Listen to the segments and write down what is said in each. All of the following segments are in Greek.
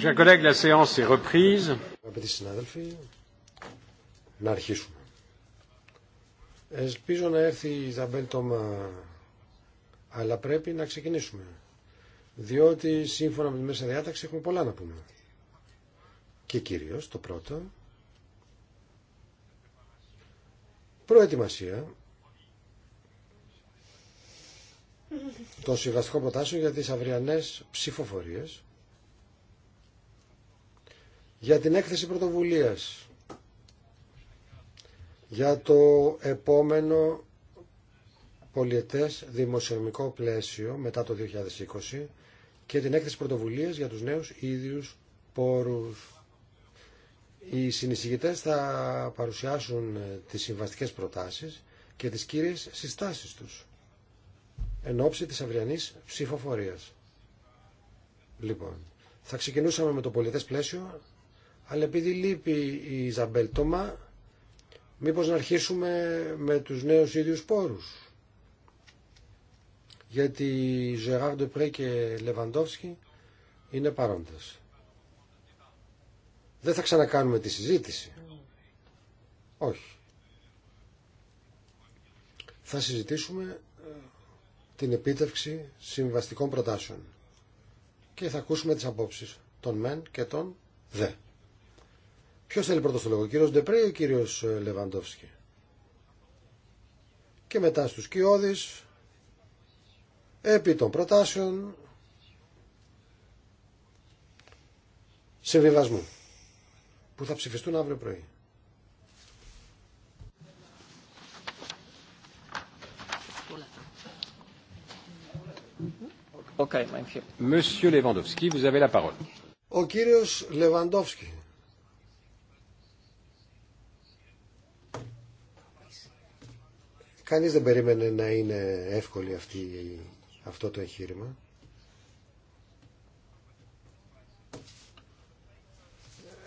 Chers collègues, la séance est reprise. Αγαπητοί συνάδελφοι, να αρχίσουμε. Ελπίζω να έρθει η Ιζαμπέλ αλλά πρέπει να ξεκινήσουμε. Διότι σύμφωνα με τη μέσα διάταξη έχουμε πολλά να πούμε. Και κυρίως το πρώτο, προετοιμασία το συμβαστικών προτάσιο για τις αυριανές ψηφοφορίες για την έκθεση πρωτοβουλίας για το επόμενο πολιετές δημοσιονομικό πλαίσιο μετά το 2020 και την έκθεση πρωτοβουλίας για τους νέους ίδιους πόρους. Οι συνεισηγητές θα παρουσιάσουν τις συμβαστικές προτάσεις και τις κύριες συστάσεις τους εν ώψη της αυριανής ψηφοφορίας. Λοιπόν, θα ξεκινούσαμε με το πολιτές πλαίσιο, αλλά επειδή λείπει η Ζαμπέλτομα Τόμα, μήπως να αρχίσουμε με τους νέους ίδιους πόρους. Γιατί Ζεράρ Ντεπρέ και Λεβαντόφσκι είναι παρόντες. Δεν θα ξανακάνουμε τη συζήτηση. Όχι. Θα συζητήσουμε την επίτευξη συμβαστικών προτάσεων και θα ακούσουμε τις απόψεις των μεν και των δε. Ποιος θέλει πρώτο το λόγο, ο κύριος Ντεπρέ ή ο κύριος ε, Λεβαντόφσκι. Και μετά στους Κιώδης, επί των προτάσεων, συμβιβασμού, που θα ψηφιστούν αύριο πρωί. Ο κύριος Λεβαντόφσκι. Κανείς δεν περίμενε να είναι εύκολη αυτό το εγχείρημα.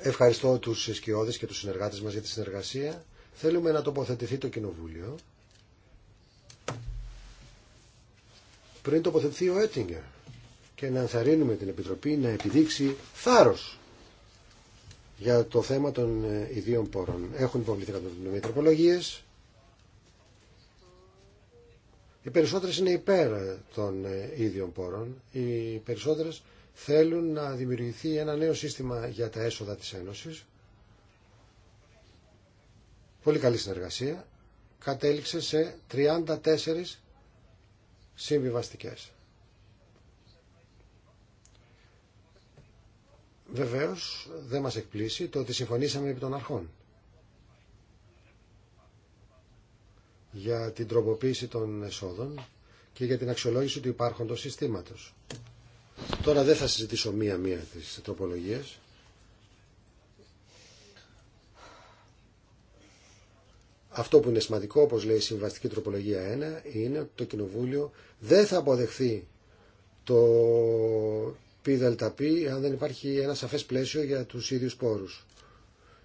Ευχαριστώ τους σκιώδες και τους συνεργάτες μας για τη συνεργασία. Θέλουμε να τοποθετηθεί το Κοινοβούλιο πριν τοποθετηθεί ο Έτιγκερ και να ενθαρρύνουμε την Επιτροπή να επιδείξει θάρρος για το θέμα των ε, ιδίων πόρων. Έχουν υποβληθεί την τροπολογίες. Οι περισσότερες είναι υπέρ ε, των ε, ίδιων πόρων. Οι περισσότερες θέλουν να δημιουργηθεί ένα νέο σύστημα για τα έσοδα της Ένωσης. Πολύ καλή συνεργασία. Κατέληξε σε 34 συμβιβαστικές. Βεβαίως δεν μας εκπλήσει το ότι συμφωνήσαμε επί των αρχών για την τροποποίηση των εσόδων και για την αξιολόγηση του υπάρχοντος συστήματος. Τώρα δεν θα συζητήσω μία-μία τις τροπολογίες. Αυτό που είναι σημαντικό, όπως λέει η Συμβαστική Τροπολογία 1, είναι ότι το Κοινοβούλιο δεν θα αποδεχθεί το ΠΔΠ αν δεν υπάρχει ένα σαφέ πλαίσιο για τους ίδιους πόρους.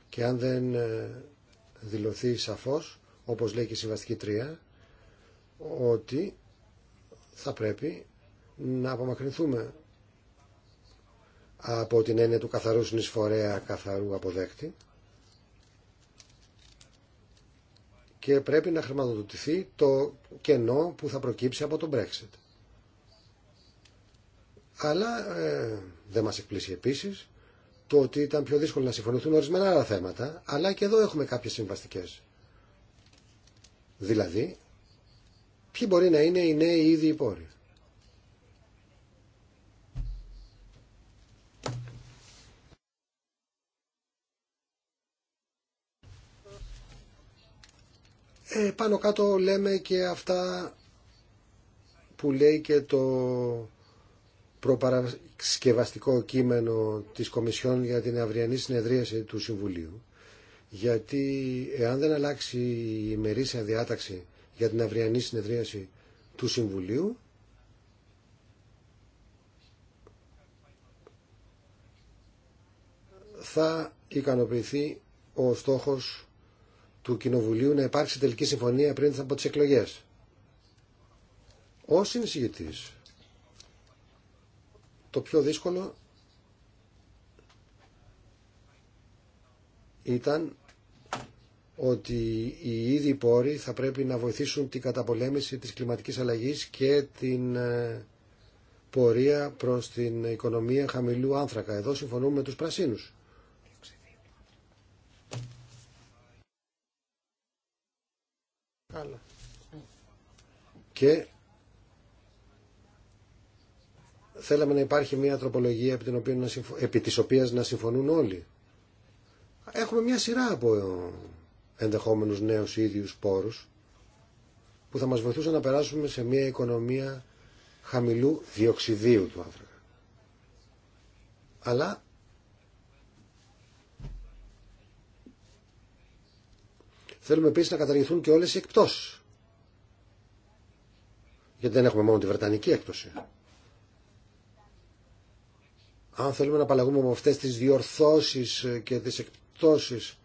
Και αν δεν ε, δηλωθεί σαφώς, όπως λέει και η Συμβαστική 3, ότι θα πρέπει να απομακρυνθούμε από την έννοια του καθαρού συνεισφορέα, καθαρού αποδέκτη και πρέπει να χρηματοδοτηθεί το κενό που θα προκύψει από τον Brexit. Αλλά ε, δεν μας εκπλήσει επίσης το ότι ήταν πιο δύσκολο να συμφωνηθούν ορισμένα άλλα θέματα, αλλά και εδώ έχουμε κάποιες συμβαστικές. Δηλαδή, ποιοι μπορεί να είναι οι νέοι ήδη οι πόροι. Ε, πάνω κάτω λέμε και αυτά που λέει και το προπαρασκευαστικό κείμενο της Κομισιόν για την αυριανή συνεδρίαση του Συμβουλίου. Γιατί εάν δεν αλλάξει η ημερήσια διάταξη για την αυριανή συνεδρίαση του Συμβουλίου, θα ικανοποιηθεί ο στόχος του Κοινοβουλίου να υπάρξει τελική συμφωνία πριν από τις εκλογές. Ως συνεισηγητής, το πιο δύσκολο ήταν ότι οι ίδιοι πόροι θα πρέπει να βοηθήσουν την καταπολέμηση της κλιματικής αλλαγής και την ε, πορεία προς την οικονομία χαμηλού άνθρακα. Εδώ συμφωνούμε με τους πρασίνους. Και θέλαμε να υπάρχει μια τροπολογία επί, την οποία να επί της οποίας να συμφωνούν όλοι. Έχουμε μια σειρά από ενδεχόμενους νέους ίδιους πόρους που θα μας βοηθούσαν να περάσουμε σε μια οικονομία χαμηλού διοξιδίου του άνθρακα. Αλλά Θέλουμε επίση να καταργηθούν και όλες οι εκπτώσεις. Γιατί δεν έχουμε μόνο τη Βρετανική έκπτωση. Αν θέλουμε να απαλλαγούμε από αυτές τις διορθώσεις και τις εκπτώσεις,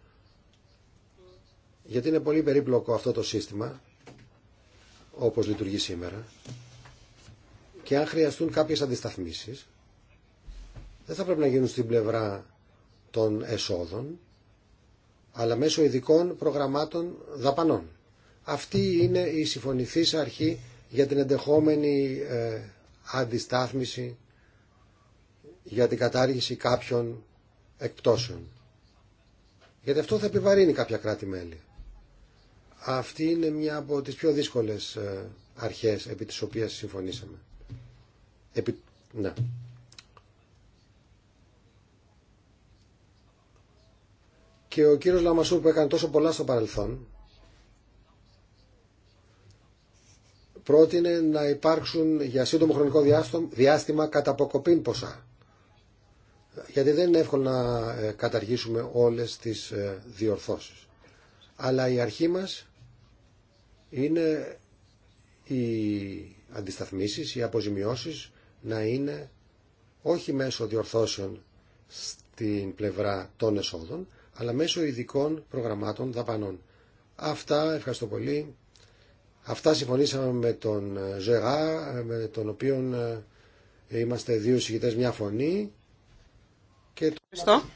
γιατί είναι πολύ περίπλοκο αυτό το σύστημα, όπως λειτουργεί σήμερα, και αν χρειαστούν κάποιες αντισταθμίσεις, δεν θα πρέπει να γίνουν στην πλευρά των εσόδων, αλλά μέσω ειδικών προγραμμάτων δαπανών. Αυτή είναι η συμφωνηθής αρχή για την εντεχόμενη ε, αντιστάθμιση για την κατάργηση κάποιων εκπτώσεων. Γιατί αυτό θα επιβαρύνει κάποια κράτη-μέλη. Αυτή είναι μια από τις πιο δύσκολες ε, αρχές επί τις οποίες συμφωνήσαμε. Επί... Ναι. και ο κύριος Λαμασούρ που έκανε τόσο πολλά στο παρελθόν πρότεινε να υπάρξουν για σύντομο χρονικό διάστημα κατά αποκοπήν ποσά. Γιατί δεν είναι εύκολο να ε, καταργήσουμε όλες τις ε, διορθώσεις. Αλλά η αρχή μας είναι οι αντισταθμίσεις, οι αποζημιώσεις να είναι όχι μέσω διορθώσεων στην πλευρά των εσόδων, αλλά μέσω ειδικών προγραμμάτων δαπανών. Αυτά, ευχαριστώ πολύ. Αυτά συμφωνήσαμε με τον Ζεγά, ε, με τον οποίο ε, είμαστε δύο συγκεκριτές μια φωνή. Και... Ευχαριστώ.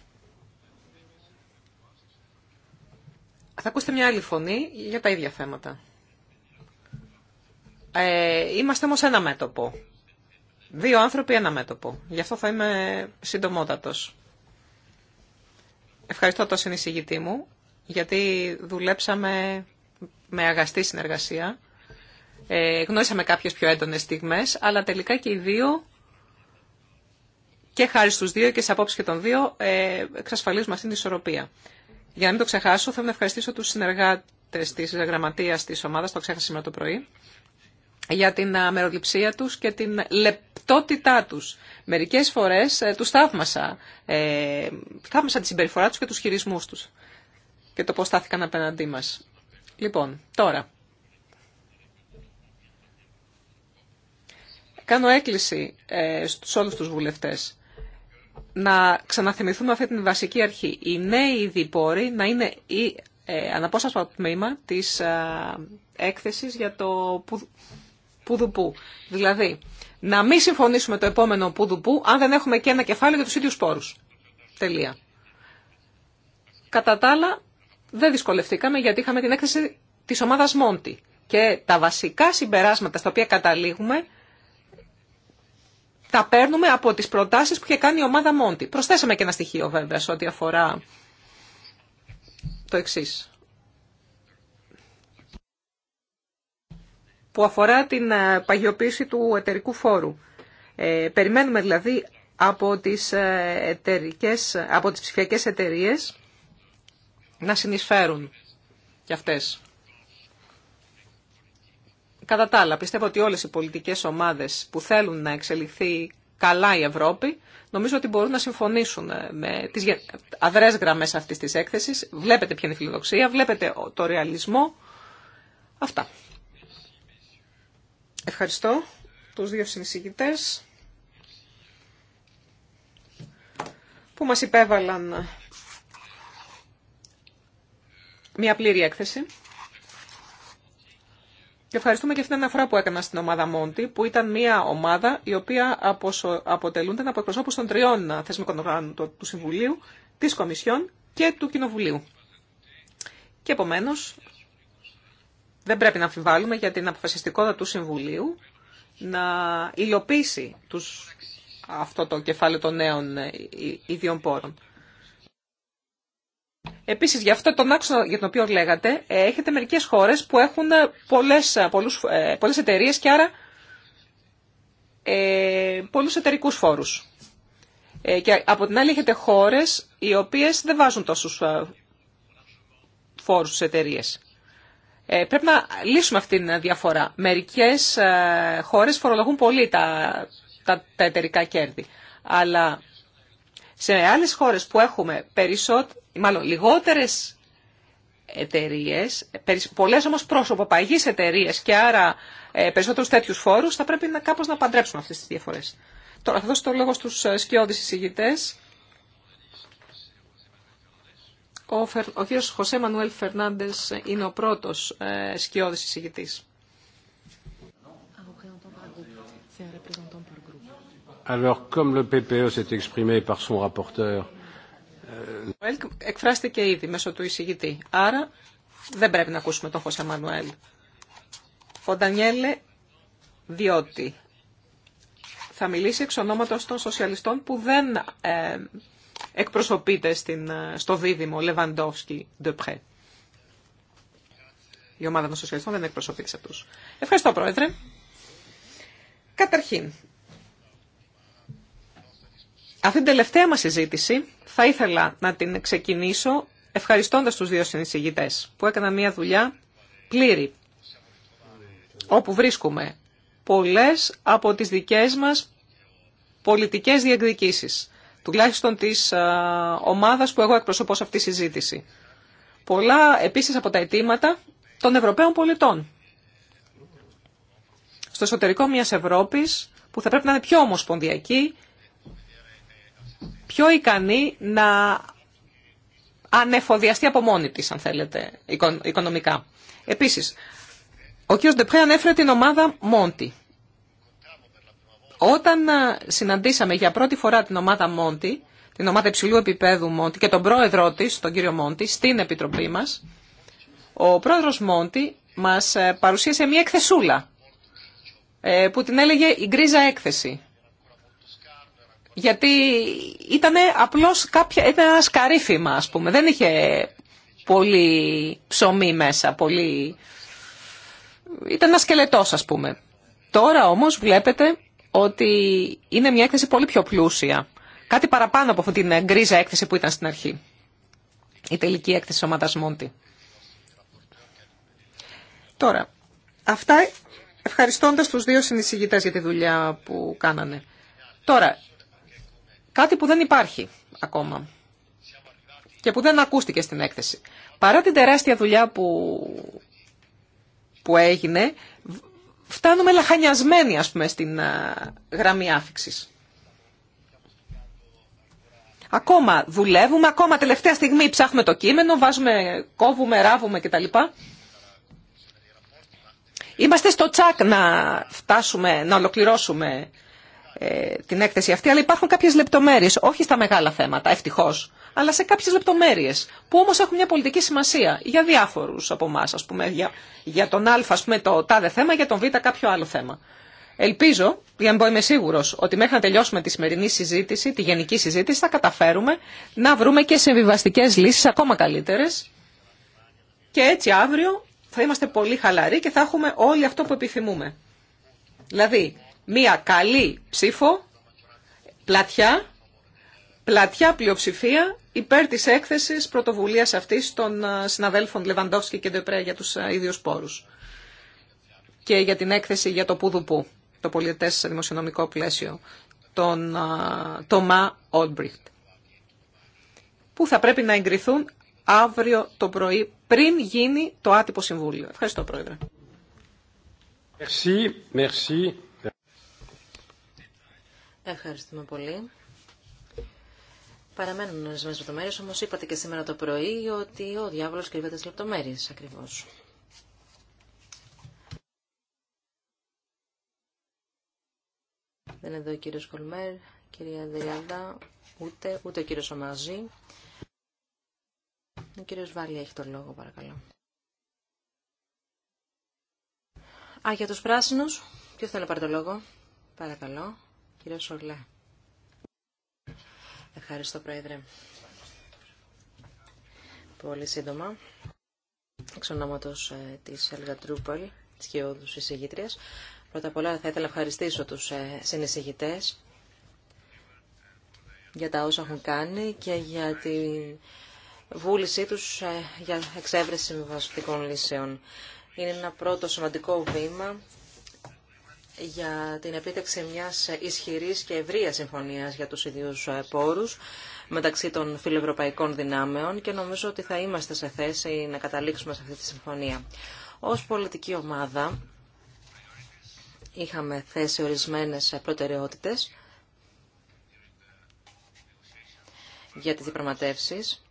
Θα ακούσετε μια άλλη φωνή για τα ίδια θέματα. Ε, είμαστε όμως ένα μέτωπο. Δύο άνθρωποι, ένα μέτωπο. Γι' αυτό θα είμαι συντομότατος. Ευχαριστώ τον συνεισηγητή μου, γιατί δουλέψαμε με αγαστή συνεργασία. Ε, γνώρισαμε κάποιες πιο έντονες στιγμές, αλλά τελικά και οι δύο, και χάρη στους δύο και σε απόψεις και των δύο, ε, εξασφαλίζουμε αυτήν την ισορροπία. Για να μην το ξεχάσω, θέλω να ευχαριστήσω τους συνεργάτες της γραμματείας της ομάδας, το ξέχασα σήμερα το πρωί, για την αμεροληψία τους και την λεπτότητά τους. Μερικές φορές ε, τους θαύμασα. Ε, θαύμασα τη συμπεριφορά τους και τους χειρισμούς τους και το πώς στάθηκαν απέναντί μας. Λοιπόν, τώρα. Κάνω έκκληση ε, στους όλους τους βουλευτές να ξαναθυμηθούμε αυτή την βασική αρχή. Οι νέοι διπόροι να είναι η ε, αναπόσπαστο τμήμα της ε, έκθεσης για το που πουδουπού. Δηλαδή, να μην συμφωνήσουμε το επόμενο πουδουπού αν δεν έχουμε και ένα κεφάλαιο για τους ίδιους πόρους. Τελεία. Κατά τα άλλα, δεν δυσκολευτήκαμε γιατί είχαμε την έκθεση της ομάδας Μόντι και τα βασικά συμπεράσματα στα οποία καταλήγουμε τα παίρνουμε από τις προτάσεις που είχε κάνει η ομάδα Μόντι. Προσθέσαμε και ένα στοιχείο βέβαια σε ό,τι αφορά το εξής. που αφορά την ε, παγιοποίηση του εταιρικού φόρου. Ε, περιμένουμε δηλαδή από τις, ε, εταιρικές, από τις ψηφιακές εταιρείες να συνεισφέρουν κι αυτές. Κατά τα άλλα, πιστεύω ότι όλες οι πολιτικές ομάδες που θέλουν να εξελιχθεί καλά η Ευρώπη, νομίζω ότι μπορούν να συμφωνήσουν ε, με τις αδρές γραμμές αυτής της έκθεσης. Βλέπετε ποια είναι η φιλοδοξία, βλέπετε το ρεαλισμό. Αυτά. Ευχαριστώ τους δύο συνεισηγητές που μας υπέβαλαν μια πλήρη έκθεση. Και ευχαριστούμε και αυτήν την αναφορά που έκανα στην ομάδα Μόντι, που ήταν μια ομάδα η οποία αποτελούνται από εκπροσώπου των τριών θεσμικών οργάνων του Συμβουλίου, της Κομισιόν και του Κοινοβουλίου. Και επομένως δεν πρέπει να αμφιβάλλουμε για την αποφασιστικότητα του Συμβουλίου να υλοποιήσει τους, αυτό το κεφάλαιο των νέων ε, ιδιών πόρων. Επίσης, για αυτό τον άξονα για τον οποίο λέγατε, ε, έχετε μερικές χώρες που έχουν ε, πολλές, πολλούς, πολλές εταιρείες και άρα ε, πολλούς εταιρικούς φόρους. και από την άλλη έχετε χώρες οι οποίες δεν βάζουν τόσους φόρους στις εταιρείες. Ε, πρέπει να λύσουμε αυτήν την διαφορά. Μερικές ε, χώρες φορολογούν πολύ τα, τα, εταιρικά κέρδη. Αλλά σε άλλες χώρες που έχουμε περισσότερες, μάλλον λιγότερες εταιρείε, πολλές όμως πρόσωποπαγεί εταιρείε και άρα ε, περισσότερους τέτοιου φόρους, θα πρέπει να, κάπως να παντρέψουμε αυτές τις διαφορές. Τώρα θα δώσω το λόγο στου σκιώδεις εισηγητέ. Ο, Φερ... ο κύριος Χωσέ Μανουέλ Φερνάντες είναι ο πρώτος ε, σκιώδης εισηγητής. εκφράστηκε ήδη μέσω του εισηγητή. Άρα δεν πρέπει να ακούσουμε τον Χωσέ Μανουέλ. Φοντανιέλε, διότι θα μιλήσει εξ ονόματος των σοσιαλιστών που δεν ε, εκπροσωπείται στην, ε, στο δίδυμο Λεβαντόφσκι Ντεπρέ. Η ομάδα των σοσιαλιστών δεν εκπροσωπείται σε Ευχαριστώ Πρόεδρε. Καταρχήν, αυτή την τελευταία μας συζήτηση θα ήθελα να την ξεκινήσω ευχαριστώντας τους δύο συνεισηγητές που έκαναν μια δουλειά πλήρη όπου βρίσκουμε πολλές από τις δικές μας πολιτικές διεκδικήσεις τουλάχιστον της ομάδας που εγώ εκπροσωπώ σε αυτή τη συζήτηση. Πολλά επίσης από τα αιτήματα των Ευρωπαίων πολιτών. Στο εσωτερικό μιας Ευρώπης που θα πρέπει να είναι πιο ομοσπονδιακή, πιο ικανή να ανεφοδιαστεί από μόνη της, αν θέλετε, οικονομικά. Επίσης, ο κ. Ντεπρέ ανέφερε την ομάδα Μόντι. Όταν ε, συναντήσαμε για πρώτη φορά την ομάδα Μόντι, την ομάδα υψηλού επίπεδου Μόντι και τον πρόεδρό τη, τον κύριο Μόντι, στην Επιτροπή μας, ο πρόεδρος Μόντι μας ε, παρουσίασε μια εκθεσούλα ε, που την έλεγε η γκρίζα έκθεση. Γιατί ήταν απλώς κάποια, ήταν ένα σκαρίφημα ας πούμε, δεν είχε πολύ ψωμί μέσα, πολύ... ήταν ένα σκελετός ας πούμε. Τώρα όμως βλέπετε ότι είναι μια έκθεση πολύ πιο πλούσια. Κάτι παραπάνω από αυτήν την γκρίζα έκθεση που ήταν στην αρχή. Η τελική έκθεση ο ομάδας Μόντι. Τώρα, αυτά ευχαριστώντας τους δύο συνεισηγητές για τη δουλειά που κάνανε. Τώρα, κάτι που δεν υπάρχει ακόμα και που δεν ακούστηκε στην έκθεση. Παρά την τεράστια δουλειά που, που έγινε, φτάνουμε λαχανιασμένοι, ας πούμε, στην γραμμή άφηξης. Ακόμα δουλεύουμε, ακόμα τελευταία στιγμή ψάχνουμε το κείμενο, βάζουμε, κόβουμε, ράβουμε κτλ. Είμαστε στο τσακ να φτάσουμε, να ολοκληρώσουμε ε, την έκθεση αυτή, αλλά υπάρχουν κάποιες λεπτομέρειες, όχι στα μεγάλα θέματα, ευτυχώς αλλά σε κάποιες λεπτομέρειες, που όμως έχουν μια πολιτική σημασία για διάφορους από εμά, πούμε, για, τον α, το τάδε θέμα, για τον β κάποιο άλλο θέμα. Ελπίζω, για να είμαι σίγουρο, ότι μέχρι να τελειώσουμε τη σημερινή συζήτηση, τη γενική συζήτηση, θα καταφέρουμε να βρούμε και συμβιβαστικέ λύσει ακόμα καλύτερε. Και έτσι αύριο θα είμαστε πολύ χαλαροί και θα έχουμε όλοι αυτό που επιθυμούμε. Δηλαδή, μία καλή ψήφο, πλατιά, πλατιά πλειοψηφία υπέρ της έκθεσης πρωτοβουλίας αυτής των ε, συναδέλφων Λεβαντόφσκι και Ντεπρέ για τους ε, ίδιους πόρους και για την έκθεση για το Πουδουπού, το πολιτές δημοσιονομικό πλαίσιο, τον ε, Τωμά Ολμπριχτ, που θα πρέπει να εγκριθούν αύριο το πρωί πριν γίνει το άτυπο συμβούλιο. Ευχαριστώ, Πρόεδρε. Merci, Ευχαριστούμε πολύ. Παραμένουν ορισμένε λεπτομέρειε, όμω είπατε και σήμερα το πρωί ότι ο διάβολο κρύβεται στι λεπτομέρειε ακριβώ. Δεν είναι εδώ ο κύριο Κολμέρ, κυρία Δελιάδα, ούτε, ούτε ο κύριο Ομαζή. Ο κύριο Βάλια έχει το λόγο, παρακαλώ. Α, για τους πράσινους. Ποιος θέλει να πάρει το λόγο. Παρακαλώ. Κύριε Σολέ. Ευχαριστώ, Πρόεδρε. Πολύ σύντομα, εξ ονόματος ε, της Ελγα Τρούπολ, της Γεώδους Πρώτα απ' όλα θα ήθελα να ευχαριστήσω τους ε, συνεισηγητές για τα όσα έχουν κάνει και για τη βούλησή τους ε, για εξέβρεση συμβαστικών λύσεων. Είναι ένα πρώτο σημαντικό βήμα για την επίτευξη μιας ισχυρής και ευρεία συμφωνίας για τους ίδιους πόρους μεταξύ των φιλευρωπαϊκών δυνάμεων και νομίζω ότι θα είμαστε σε θέση να καταλήξουμε σε αυτή τη συμφωνία. Ως πολιτική ομάδα είχαμε θέσει ορισμένες προτεραιότητες για τις διαπραγματεύσεις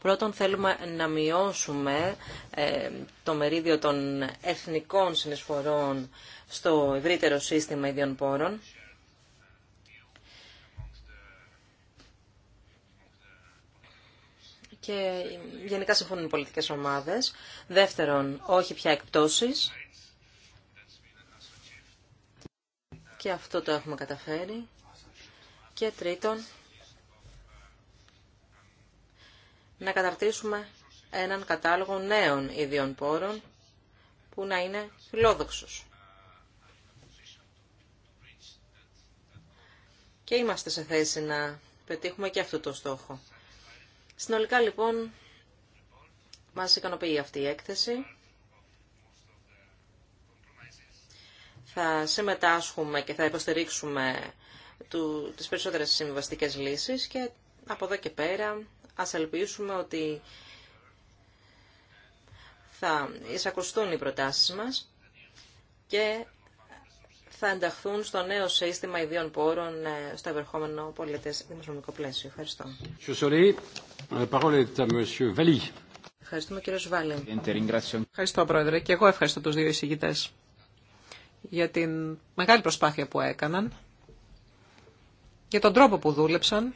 Πρώτον, θέλουμε να μειώσουμε ε, το μερίδιο των εθνικών συνεισφορών στο ευρύτερο σύστημα ιδιών πόρων. Και γενικά συμφωνούν οι πολιτικές ομάδες. Δεύτερον, όχι πια εκπτώσεις. Και αυτό το έχουμε καταφέρει. Και τρίτον, να καταρτήσουμε έναν κατάλογο νέων ιδιών πόρων που να είναι φιλόδοξος. Και είμαστε σε θέση να πετύχουμε και αυτό το στόχο. Συνολικά λοιπόν μας ικανοποιεί αυτή η έκθεση. Θα συμμετάσχουμε και θα υποστηρίξουμε του, τις περισσότερες συμβαστικές λύσεις και από εδώ και πέρα Ας ελπίσουμε ότι θα εισακουστούν οι προτάσεις μας και θα ενταχθούν στο νέο σύστημα ιδίων πόρων ε, στο ευερχόμενο πολιτές δημοσιονομικό πλαίσιο. Ευχαριστώ. Ευχαριστούμε κύριο Βάλλη. Ευχαριστώ πρόεδρε και εγώ ευχαριστώ τους δύο εισηγητές για την μεγάλη προσπάθεια που έκαναν, για τον τρόπο που δούλεψαν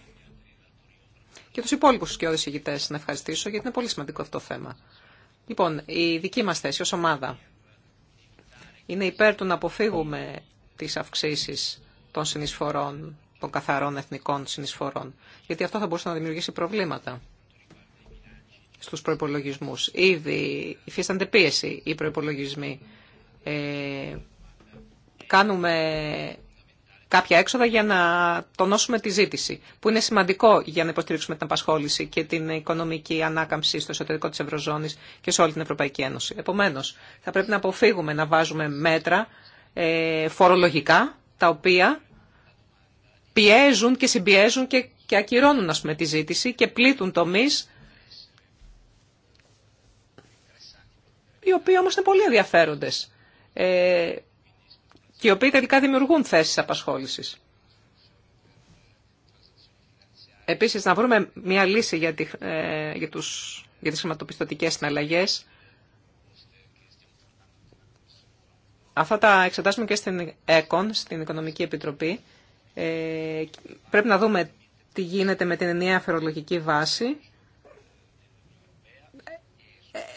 και τους υπόλοιπους και ηγητές να ευχαριστήσω γιατί είναι πολύ σημαντικό αυτό το θέμα. Λοιπόν, η δική μας θέση ως ομάδα είναι υπέρ του να αποφύγουμε τις αυξήσεις των συνεισφορών, των καθαρών εθνικών συνεισφορών, γιατί αυτό θα μπορούσε να δημιουργήσει προβλήματα στους προϋπολογισμούς. Ήδη υφίστανται πίεση οι προϋπολογισμοί. Ε, κάνουμε κάποια έξοδα για να τονώσουμε τη ζήτηση, που είναι σημαντικό για να υποστηρίξουμε την απασχόληση και την οικονομική ανάκαμψη στο εσωτερικό της Ευρωζώνης και σε όλη την Ευρωπαϊκή Ένωση. Επομένως, θα πρέπει να αποφύγουμε να βάζουμε μέτρα ε, φορολογικά, τα οποία πιέζουν και συμπιέζουν και, και ακυρώνουν ας πούμε, τη ζήτηση και πλήττουν τομεί. οι οποίοι όμως είναι πολύ ενδιαφέροντες. Ε, και οι οποίοι τελικά δημιουργούν θέσεις απασχόλησης. Επίσης, να βρούμε μια λύση για, τη, ε, για, τους, για τις χρηματοπιστωτικές συναλλαγές. Αυτά τα εξετάσουμε και στην ΕΚΟΝ, στην Οικονομική Επιτροπή. Ε, πρέπει να δούμε τι γίνεται με την ενιαία αφαιρολογική βάση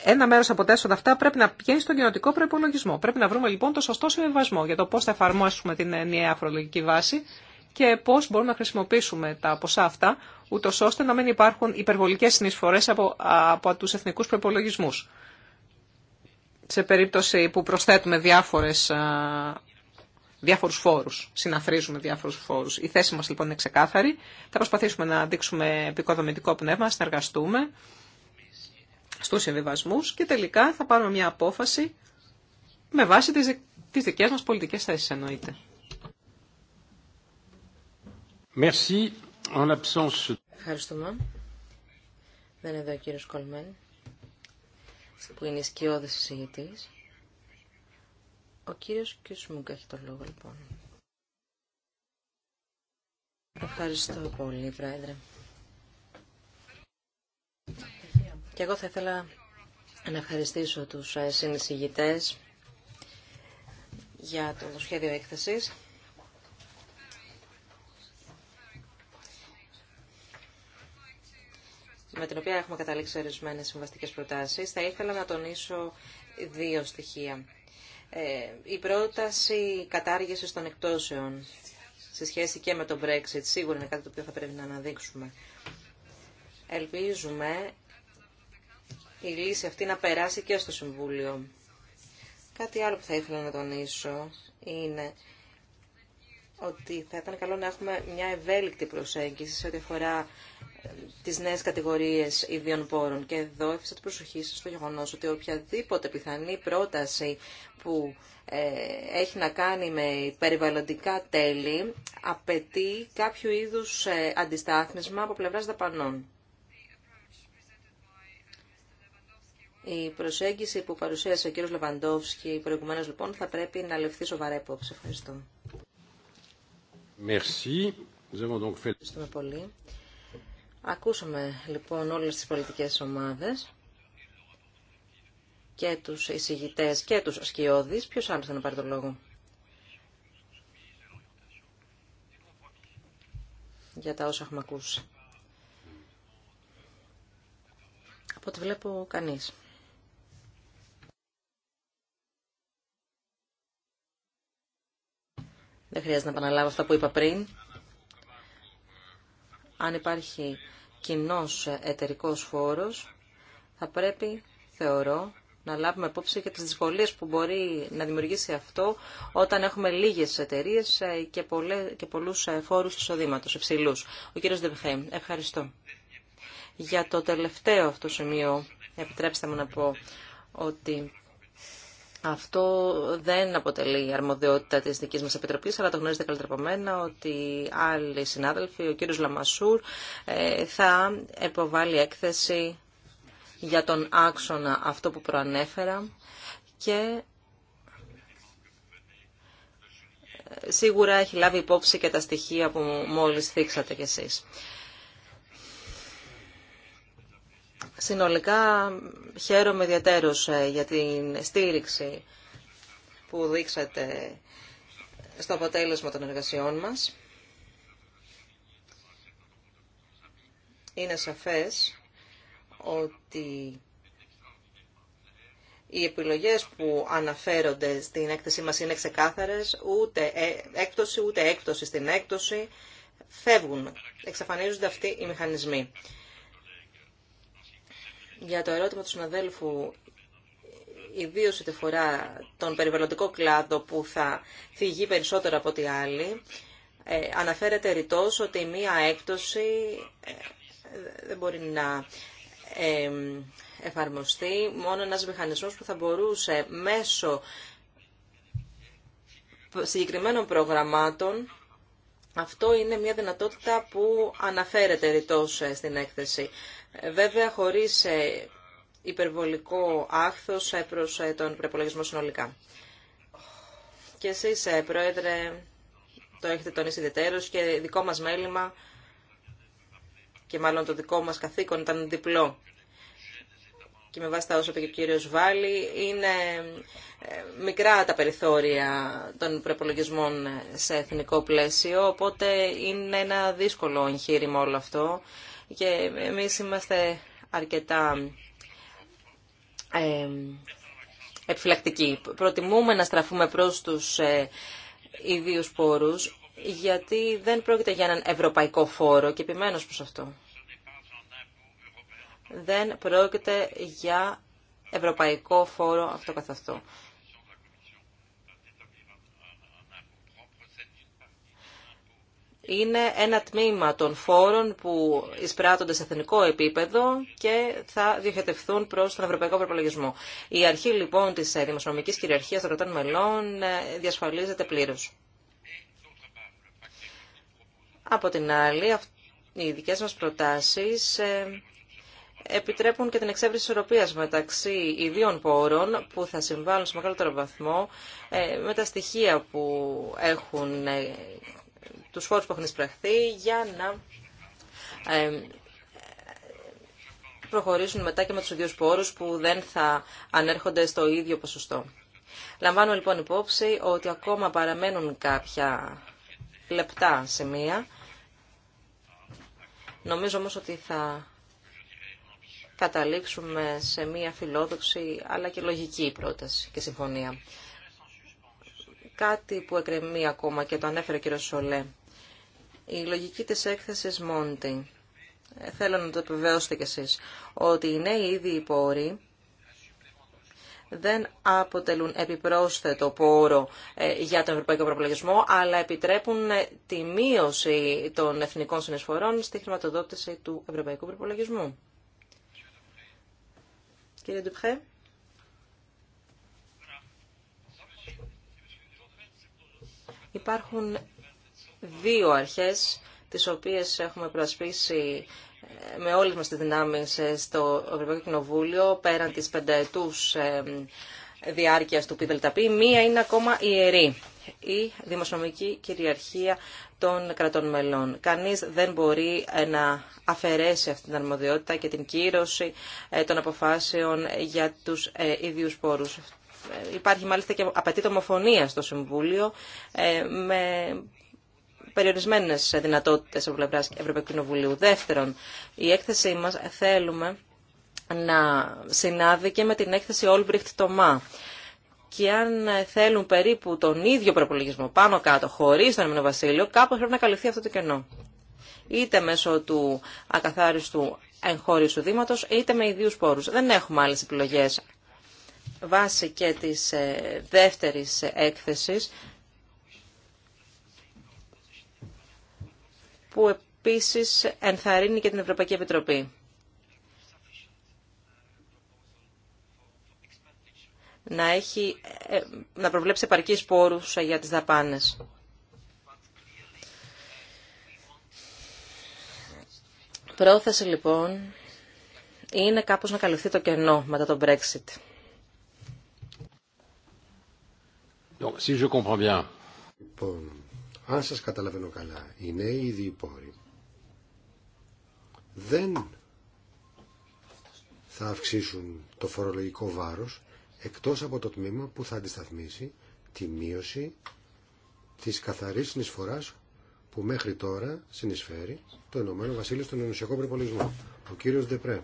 ένα μέρο από τα έσοδα αυτά πρέπει να πηγαίνει στον κοινοτικό προπολογισμό. Πρέπει να βρούμε λοιπόν το σωστό συμβιβασμό για το πώ θα εφαρμόσουμε την ενιαία αφρολογική βάση και πώ μπορούμε να χρησιμοποιήσουμε τα ποσά αυτά, ούτω ώστε να μην υπάρχουν υπερβολικέ συνεισφορέ από, από του εθνικού προπολογισμού. Σε περίπτωση που προσθέτουμε διάφορες, διάφορους φόρους, συναθρίζουμε διάφορους φόρους. Η θέση μας λοιπόν είναι ξεκάθαρη. Θα προσπαθήσουμε να δείξουμε επικοδομητικό πνεύμα, να συνεργαστούμε στους συμβιβασμούς και τελικά θα πάρουμε μια απόφαση με βάση τις, τις δικές μας πολιτικές θέσεις εννοείται. Merci. En absence... Ευχαριστούμε. Δεν είναι εδώ ο κύριος Κολμέν, που είναι σκιώδης συζητητής. Ο κύριος Κιουσμούγκ έχει το λόγο, λοιπόν. Ευχαριστώ πολύ, Πρόεδρε. Και εγώ θα ήθελα να ευχαριστήσω τους ε, συνεισηγητές για το σχέδιο έκθεσης. με την οποία έχουμε καταλήξει ορισμένε συμβαστικέ προτάσει, θα ήθελα να τονίσω δύο στοιχεία. Ε, η πρόταση κατάργηση των εκτόσεων σε σχέση και με το Brexit σίγουρα είναι κάτι το οποίο θα πρέπει να αναδείξουμε. Ελπίζουμε η λύση αυτή να περάσει και στο Συμβούλιο. Κάτι άλλο που θα ήθελα να τονίσω είναι ότι θα ήταν καλό να έχουμε μια ευέλικτη προσέγγιση σε ό,τι αφορά ε, τις νέες κατηγορίες ιδίων πόρων. Και εδώ έφεσα την προσοχή σας στο γεγονός ότι οποιαδήποτε πιθανή πρόταση που ε, έχει να κάνει με περιβαλλοντικά τέλη απαιτεί κάποιο είδους ε, αντιστάθμισμα από πλευράς δαπανών. Η προσέγγιση που παρουσίασε ο κύριος Λεβαντόφσκι προηγουμένως λοιπόν θα πρέπει να λεφθεί σοβαρά υπόψη. Ευχαριστώ. Merci. Ευχαριστούμε πολύ. Ακούσαμε λοιπόν όλες τις πολιτικές ομάδες και τους εισηγητές και τους σκιώδεις. Ποιος άλλος θα να πάρει το λόγο. Για τα όσα έχουμε ακούσει. Από ό,τι βλέπω κανείς. Δεν χρειάζεται να επαναλάβω αυτά που είπα πριν. Αν υπάρχει κοινό εταιρικό φόρο, θα πρέπει, θεωρώ, να λάβουμε υπόψη και τις δυσκολίες που μπορεί να δημιουργήσει αυτό όταν έχουμε λίγες εταιρείε και, πολλού και πολλούς φόρους Ο κύριος Δεμπχέμ, ευχαριστώ. Για το τελευταίο αυτό σημείο, επιτρέψτε μου να πω ότι αυτό δεν αποτελεί αρμοδιότητα της δική μα επιτροπή, αλλά το γνωρίζετε καλύτερα από μένα ότι άλλοι συνάδελφοι, ο κύριος Λαμασούρ, ε, θα υποβάλει έκθεση για τον άξονα αυτό που προανέφερα και ε, σίγουρα έχει λάβει υπόψη και τα στοιχεία που μόλις θίξατε κι εσείς. Συνολικά χαίρομαι ιδιαίτερως ε, για την στήριξη που δείξατε στο αποτέλεσμα των εργασιών μας. Είναι σαφές ότι οι επιλογές που αναφέρονται στην έκθεσή μας είναι ξεκάθαρες, ούτε ε, έκπτωση, ούτε έκπτωση στην έκπτωση, φεύγουν, εξαφανίζονται αυτοί οι μηχανισμοί για το ερώτημα του συναδέλφου, ιδίω ότι φορά τον περιβαλλοντικό κλάδο που θα φυγεί περισσότερο από ό,τι άλλοι, ε, αναφέρεται ρητός ότι μία έκπτωση ε, δεν μπορεί να εφαρμοστεί. Μόνο ένας μηχανισμός που θα μπορούσε μέσω συγκεκριμένων προγραμμάτων αυτό είναι μια δυνατότητα που αναφέρεται ρητός ε, στην έκθεση. Ε, βέβαια χωρίς ε, υπερβολικό άχθος ε, προς τον προπολογισμό συνολικά. Και εσείς, Πρόεδρε, το έχετε τονίσει ιδιαίτερως και δικό μας μέλημα και μάλλον το δικό μας καθήκον ήταν διπλό. Και με βάση τα όσα είπε και ο κύριος Βάλη, είναι μικρά τα περιθώρια των προπολογισμών σε εθνικό πλαίσιο, οπότε είναι ένα δύσκολο εγχείρημα όλο αυτό και εμείς είμαστε αρκετά ε, επιφυλακτικοί. Προτιμούμε να στραφούμε προς τους ε, ιδίους πόρους γιατί δεν πρόκειται για έναν ευρωπαϊκό φόρο και επιμένω προς αυτό. Δεν πρόκειται για ευρωπαϊκό φόρο αυτό καθ' αυτό. είναι ένα τμήμα των φόρων που εισπράττονται σε εθνικό επίπεδο και θα διοχετευθούν προς τον Ευρωπαϊκό Προπολογισμό. Η αρχή λοιπόν της δημοσιονομική κυριαρχίας των κρατών μελών ε, διασφαλίζεται πλήρως. Από την άλλη, οι δικέ μας προτάσεις ε, επιτρέπουν και την εξέβριση ισορροπίας μεταξύ ιδίων πόρων που θα συμβάλλουν σε μεγαλύτερο βαθμό ε, με τα στοιχεία που έχουν τους φόρους που έχουν εισπραχθεί για να προχωρήσουν μετά και με τους ίδιους πόρου που δεν θα ανέρχονται στο ίδιο ποσοστό. Λαμβάνω λοιπόν υπόψη ότι ακόμα παραμένουν κάποια λεπτά σημεία. Νομίζω όμως ότι θα καταλήξουμε σε μία φιλόδοξη αλλά και λογική πρόταση και συμφωνία. Κάτι που εκκρεμεί ακόμα και το ανέφερε ο κ. Σολέ η λογική της έκθεσης Μόντι. Ε, θέλω να το επιβεβαιώσετε κι εσείς, ότι οι νέοι ήδη οι πόροι δεν αποτελούν επιπρόσθετο πόρο ε, για τον ευρωπαϊκό προπολογισμό, αλλά επιτρέπουν ε, τη μείωση των εθνικών συνεισφορών στη χρηματοδότηση του ευρωπαϊκού προπολογισμού. Κύριε Ντουπχέ. Υπάρχουν δύο αρχές, τις οποίες έχουμε προασπίσει ε, με όλες μας τις δυνάμεις ε, στο Ευρωπαϊκό Κοινοβούλιο, πέραν της πενταετούς ε, διάρκειας του ΠΙΔΕΛΤΑΠΗ. Μία είναι ακόμα ιερή, η δημοσιονομική κυριαρχία των κρατών μελών. Κανείς δεν μπορεί να αφαιρέσει αυτή την αρμοδιότητα και την κύρωση των αποφάσεων για τους ίδιους πόρους. Υπάρχει μάλιστα και απαιτεί τομοφωνία στο Συμβούλιο με περιορισμένε δυνατότητε από πλευρά Ευρωπαϊκού Κοινοβουλίου. Δεύτερον, η έκθεσή μα θέλουμε να συνάδει και με την έκθεση Olbricht Τομά. Και αν θέλουν περίπου τον ίδιο προπολογισμό πάνω κάτω, χωρί τον Ηνωμένο Βασίλειο, κάπω πρέπει να καλυφθεί αυτό το κενό. Είτε μέσω του ακαθάριστου εγχώριου εισοδήματο, είτε με ιδίου πόρου. Δεν έχουμε άλλε επιλογέ. Βάσει και τη ε, δεύτερη ε, έκθεση, που επίσης ενθαρρύνει και την Ευρωπαϊκή Επιτροπή. Να, έχει, ε, να προβλέψει επαρκείς πόρους για τις δαπάνες. Πρόθεση λοιπόν είναι κάπως να καλυφθεί το κενό μετά τον Brexit. Λοιπόν, αν σας καταλαβαίνω καλά, οι νέοι ήδη πόροι δεν θα αυξήσουν το φορολογικό βάρος εκτός από το τμήμα που θα αντισταθμίσει τη μείωση της καθαρής συνεισφοράς που μέχρι τώρα συνεισφέρει το Ηνωμένο Βασίλειο στον ενωσιακό προπολογισμό. Ο κύριος Δεπρέ.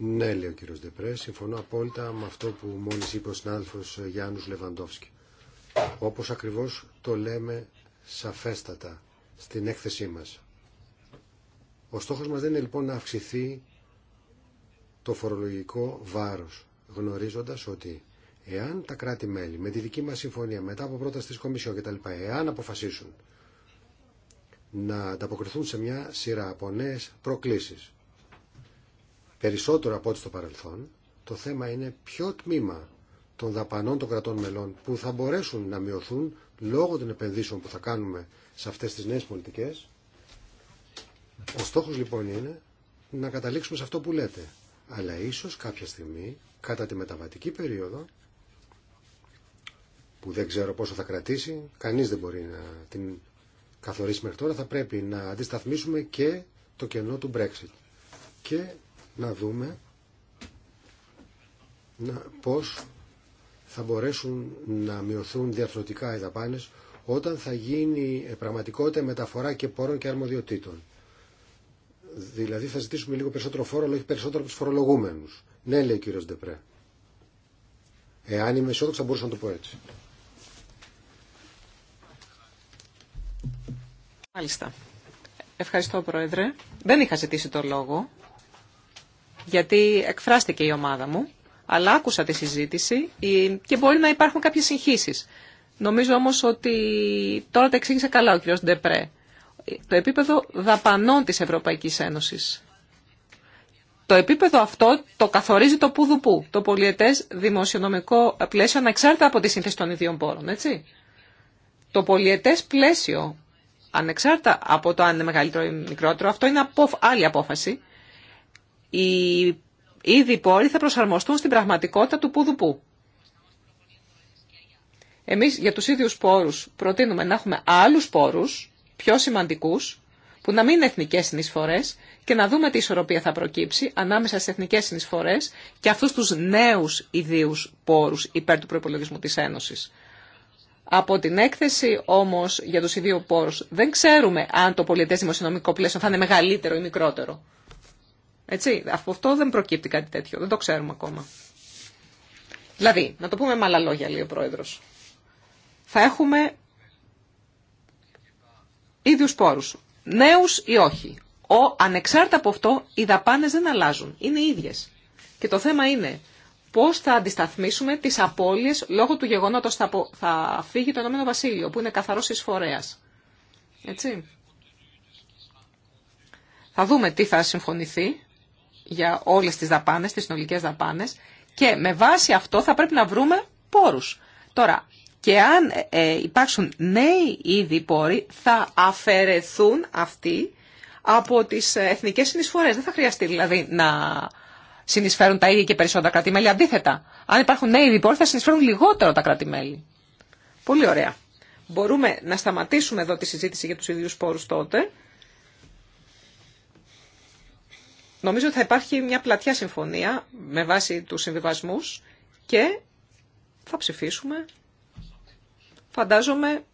Ναι, λέει ο κύριος Δεπρέ, συμφωνώ απόλυτα με αυτό που μόλις είπε ο συνάδελφος Γιάννους Λεβαντόφσκι όπως ακριβώς το λέμε σαφέστατα στην έκθεσή μας. Ο στόχος μας δεν είναι λοιπόν να αυξηθεί το φορολογικό βάρος, γνωρίζοντας ότι εάν τα κράτη-μέλη με τη δική μας συμφωνία, μετά από πρόταση της Κομισιόν κτλ, εάν αποφασίσουν να ανταποκριθούν σε μια σειρά από νέε προκλήσεις, περισσότερο από ό,τι στο παρελθόν, το θέμα είναι ποιο τμήμα των δαπανών των κρατών μελών που θα μπορέσουν να μειωθούν λόγω των επενδύσεων που θα κάνουμε σε αυτές τις νέες πολιτικές. Ο στόχος λοιπόν είναι να καταλήξουμε σε αυτό που λέτε. Αλλά ίσως κάποια στιγμή, κατά τη μεταβατική περίοδο, που δεν ξέρω πόσο θα κρατήσει, κανείς δεν μπορεί να την καθορίσει μέχρι τώρα, θα πρέπει να αντισταθμίσουμε και το κενό του Brexit. Και να δούμε να, θα μπορέσουν να μειωθούν διαρθρωτικά οι δαπάνες όταν θα γίνει ε, πραγματικότητα μεταφορά και πόρων και αρμοδιοτήτων. Δηλαδή θα ζητήσουμε λίγο περισσότερο φόρο, αλλά όχι περισσότερο από του φορολογούμενου. Ναι, λέει ο κύριο Ντεπρέ. Εάν είμαι αισιόδοξο, θα μπορούσα να το πω έτσι. Ευχαριστώ, Πρόεδρε. Δεν είχα ζητήσει το λόγο, γιατί εκφράστηκε η ομάδα μου αλλά άκουσα τη συζήτηση και μπορεί να υπάρχουν κάποιες συγχύσεις. Νομίζω όμως ότι τώρα τα εξήγησε καλά ο κ. Ντεπρέ. Το επίπεδο δαπανών της Ευρωπαϊκής Ένωσης. Το επίπεδο αυτό το καθορίζει το πουδουπού, το πολιετές δημοσιονομικό πλαίσιο ανεξάρτητα από τη σύνθεση των ιδίων πόρων, έτσι. Το πολιετές πλαίσιο, ανεξάρτητα από το αν είναι μεγαλύτερο ή μικρότερο, αυτό είναι άλλη απόφαση. Η ήδη οι πόροι θα προσαρμοστούν στην πραγματικότητα του πουδουπού. Εμείς για τους ίδιους πόρους προτείνουμε να έχουμε άλλους πόρους, πιο σημαντικούς, που να μην είναι εθνικές συνεισφορές και να δούμε τι ισορροπία θα προκύψει ανάμεσα στις εθνικές συνεισφορές και αυτούς τους νέους ιδίους πόρους υπέρ του προπολογισμού της Ένωσης. Από την έκθεση όμως για τους ιδίου πόρους δεν ξέρουμε αν το πολιτές δημοσιονομικό πλαίσιο θα είναι μεγαλύτερο ή μικρότερο. Έτσι, από αυτό δεν προκύπτει κάτι τέτοιο, δεν το ξέρουμε ακόμα. Δηλαδή, να το πούμε με άλλα λόγια, λέει ο Πρόεδρος. Θα έχουμε ίδιους πόρους, νέους ή όχι. Ο, ανεξάρτητα από αυτό, οι δαπάνες δεν αλλάζουν, είναι ίδιες. Και το θέμα είναι πώς θα αντισταθμίσουμε τις απώλειες λόγω του γεγονότος θα, θα φύγει το Ηνωμένο Βασίλειο, που είναι καθαρός εισφορέας. Έτσι. Θα δούμε τι θα συμφωνηθεί για όλες τις δαπάνες, τις συνολικέ δαπάνες και με βάση αυτό θα πρέπει να βρούμε πόρους. Τώρα, και αν ε, υπάρξουν νέοι ήδη πόροι, θα αφαιρεθούν αυτοί από τις εθνικές συνεισφορές. Δεν θα χρειαστεί δηλαδή να συνεισφέρουν τα ίδια και περισσοτερα κρατημέλη. Αντίθετα, αν υπάρχουν νέοι είδη πόροι, θα συνεισφέρουν λιγότερο τα κρατημέλη. Πολύ ωραία. Μπορούμε να σταματήσουμε εδώ τη συζήτηση για τους ίδιους πόρους τότε νομίζω ότι θα υπάρχει μια πλατιά συμφωνία με βάση τους συμβιβασμούς και θα ψηφίσουμε, φαντάζομαι,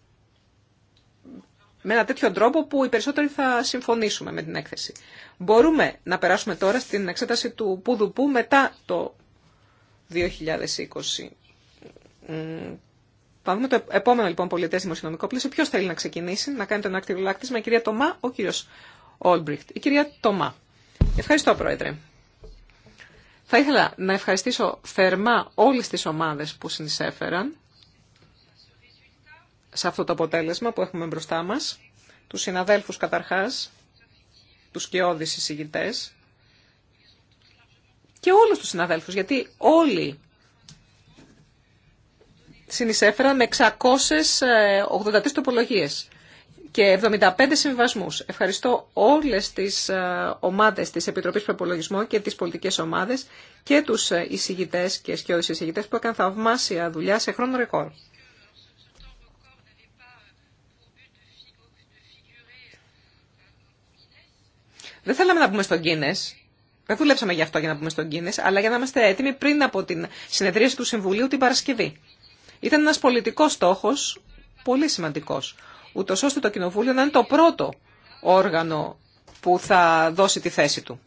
με ένα τέτοιο τρόπο που οι περισσότεροι θα συμφωνήσουμε με την έκθεση. Μπορούμε να περάσουμε τώρα στην εξέταση του Πουδουπού μετά το 2020. Θα το επόμενο λοιπόν πολιτέ δημοσιονομικό πλαίσιο. Ποιος θέλει να ξεκινήσει να κάνει τον με η κυρία Τομά, ο κύριος Όλμπριχτ. Η κυρία Τομά. Ευχαριστώ, Πρόεδρε. Θα ήθελα να ευχαριστήσω θερμά όλες τις ομάδες που συνεισέφεραν σε αυτό το αποτέλεσμα που έχουμε μπροστά μας, τους συναδέλφους καταρχάς, τους κοιόδης εισηγητές και όλους τους συναδέλφους, γιατί όλοι συνεισέφεραν με 683 τοπολογίες και 75 συμβιβασμού. Ευχαριστώ όλες τις ε, ομάδε τη Επιτροπή προπολογισμού και τι πολιτικέ ομάδε και του ε, εισηγητέ και σκιώδεις εισηγητέ που έκαναν θαυμάσια δουλειά σε χρόνο ρεκόρ. Δεν θέλαμε να πούμε στον Κίνες, δεν δουλέψαμε γι' αυτό για να πούμε στον Κίνες, αλλά για να είμαστε έτοιμοι πριν από την συνεδρίαση του Συμβουλίου την Παρασκευή. Ήταν ένα πολιτικό στόχο πολύ σημαντικό ούτως ώστε το Κοινοβούλιο να είναι το πρώτο όργανο που θα δώσει τη θέση του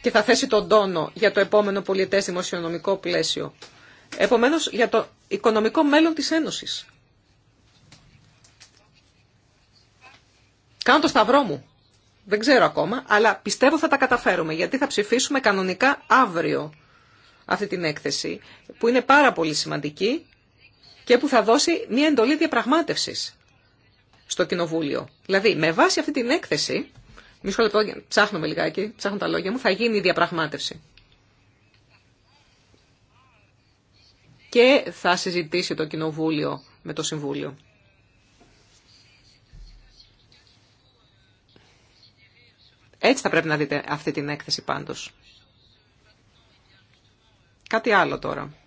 και θα θέσει τον τόνο για το επόμενο πολιτές δημοσιονομικό πλαίσιο. Επομένως, για το οικονομικό μέλλον της Ένωσης. Κάνω το σταυρό μου. Δεν ξέρω ακόμα, αλλά πιστεύω θα τα καταφέρουμε, γιατί θα ψηφίσουμε κανονικά αύριο αυτή την έκθεση, που είναι πάρα πολύ σημαντική και που θα δώσει μια εντολή διαπραγμάτευσης στο Κοινοβούλιο. Δηλαδή, με βάση αυτή την έκθεση, μισό λεπτό, με λιγάκι, ψάχνω τα λόγια μου, θα γίνει η διαπραγμάτευση. Και θα συζητήσει το Κοινοβούλιο με το Συμβούλιο. Έτσι θα πρέπει να δείτε αυτή την έκθεση πάντως. Κάτι άλλο τώρα.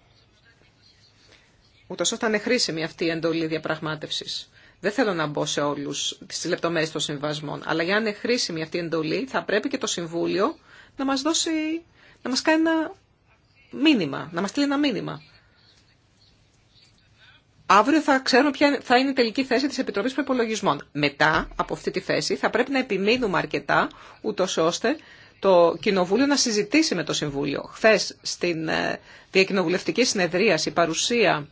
Ούτω ώστε να είναι χρήσιμη αυτή η εντολή διαπραγμάτευσης. Δεν θέλω να μπω σε όλου τι λεπτομέρειε των συμβασμών, αλλά για να είναι χρήσιμη αυτή η εντολή θα πρέπει και το Συμβούλιο να μα δώσει, να μα κάνει ένα μήνυμα, να μα στείλει ένα μήνυμα. Αύριο θα ξέρουμε ποια θα είναι η τελική θέση τη επιτροπή Προπολογισμών. Μετά από αυτή τη θέση θα πρέπει να επιμείνουμε αρκετά, ούτω ώστε το Κοινοβούλιο να συζητήσει με το Συμβούλιο. Χθε στην ε, Διακοινοβουλευτική Συνεδρίαση η παρουσία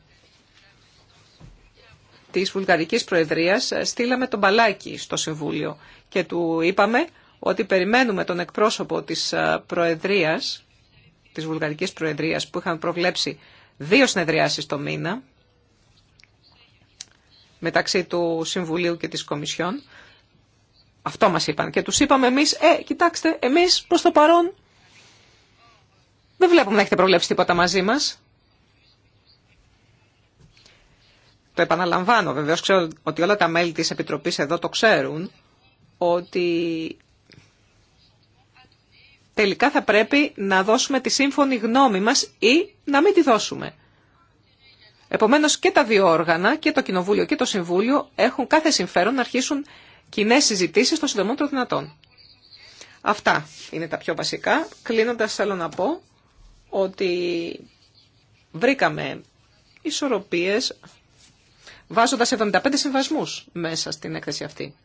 της Βουλγαρικής Προεδρίας ε, στείλαμε τον μπαλάκι στο Συμβούλιο και του είπαμε ότι περιμένουμε τον εκπρόσωπο της ε, Προεδρίας, της Βουλγαρικής Προεδρίας που είχαν προβλέψει δύο συνεδριάσεις το μήνα μεταξύ του Συμβουλίου και της Κομισιόν. Αυτό μας είπαν και τους είπαμε εμείς, ε, κοιτάξτε, εμείς προς το παρόν δεν βλέπουμε να έχετε προβλέψει τίποτα μαζί μας. Το επαναλαμβάνω βεβαίως, ξέρω ότι όλα τα μέλη της Επιτροπής εδώ το ξέρουν, ότι τελικά θα πρέπει να δώσουμε τη σύμφωνη γνώμη μας ή να μην τη δώσουμε. Επομένως και τα δύο όργανα, και το Κοινοβούλιο και το Συμβούλιο, έχουν κάθε συμφέρον να αρχίσουν κοινέ συζητήσεις των συντομότερο δυνατόν. Αυτά είναι τα πιο βασικά. Κλείνοντας θέλω να πω ότι βρήκαμε ισορροπίες βάζοντας 75 συμβασμούς μέσα στην έκθεση αυτή.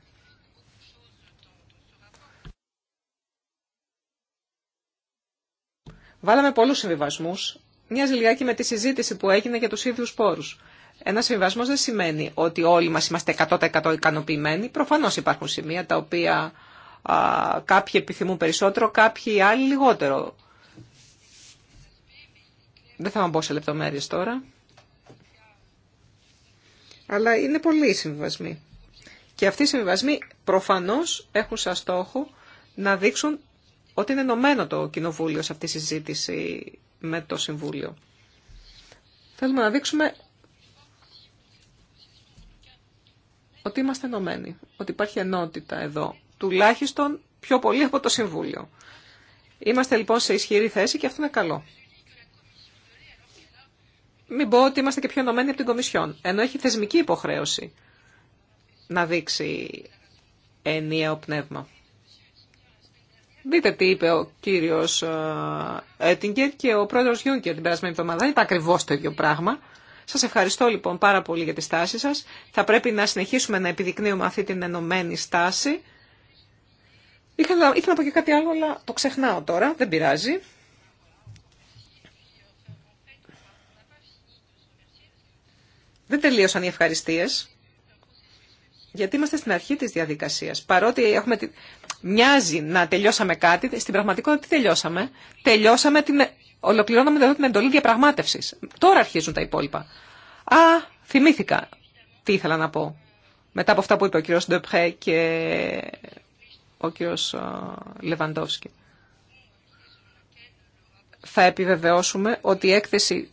Βάλαμε πολλούς συμβιβασμούς. Μοιάζει λιγάκι με τη συζήτηση που έγινε για τους ίδιους πόρους. Ένα συμβιβασμό δεν σημαίνει ότι όλοι μας είμαστε 100% ικανοποιημένοι. Προφανώς υπάρχουν σημεία τα οποία κάποιοι επιθυμούν περισσότερο, κάποιοι άλλοι λιγότερο. Δεν θα μπω σε λεπτομέρειες τώρα. Αλλά είναι πολλοί οι συμβιβασμοί. Και αυτοί οι συμβιβασμοί προφανώς έχουν σαν στόχο να δείξουν ότι είναι ενωμένο το Κοινοβούλιο σε αυτή τη συζήτηση με το Συμβούλιο. Θέλουμε να δείξουμε ότι είμαστε ενωμένοι, ότι υπάρχει ενότητα εδώ, τουλάχιστον πιο πολύ από το Συμβούλιο. Είμαστε λοιπόν σε ισχυρή θέση και αυτό είναι καλό μην πω ότι είμαστε και πιο ενωμένοι από την Κομισιόν. Ενώ έχει θεσμική υποχρέωση να δείξει ενιαίο πνεύμα. Δείτε τι είπε ο κύριος Έτιγκερ και ο πρόεδρος Γιούνκερ την περασμένη εβδομάδα. Δεν ήταν ακριβώς το ίδιο πράγμα. Σας ευχαριστώ λοιπόν πάρα πολύ για τη στάση σας. Θα πρέπει να συνεχίσουμε να επιδεικνύουμε αυτή την ενωμένη στάση. Ήθελα, ήθελα να πω και κάτι άλλο, αλλά το ξεχνάω τώρα. Δεν πειράζει. δεν τελείωσαν οι ευχαριστίες, γιατί είμαστε στην αρχή της διαδικασίας. Παρότι έχουμε, μοιάζει να τελειώσαμε κάτι, στην πραγματικότητα τι τελειώσαμε. Τελειώσαμε την, ολοκληρώναμε εδώ δηλαδή την εντολή διαπραγμάτευση. Τώρα αρχίζουν τα υπόλοιπα. Α, θυμήθηκα τι ήθελα να πω. Μετά από αυτά που είπε ο κύριο Ντεπρέ και ο κύριο Λεβαντόφσκι. Θα επιβεβαιώσουμε ότι η έκθεση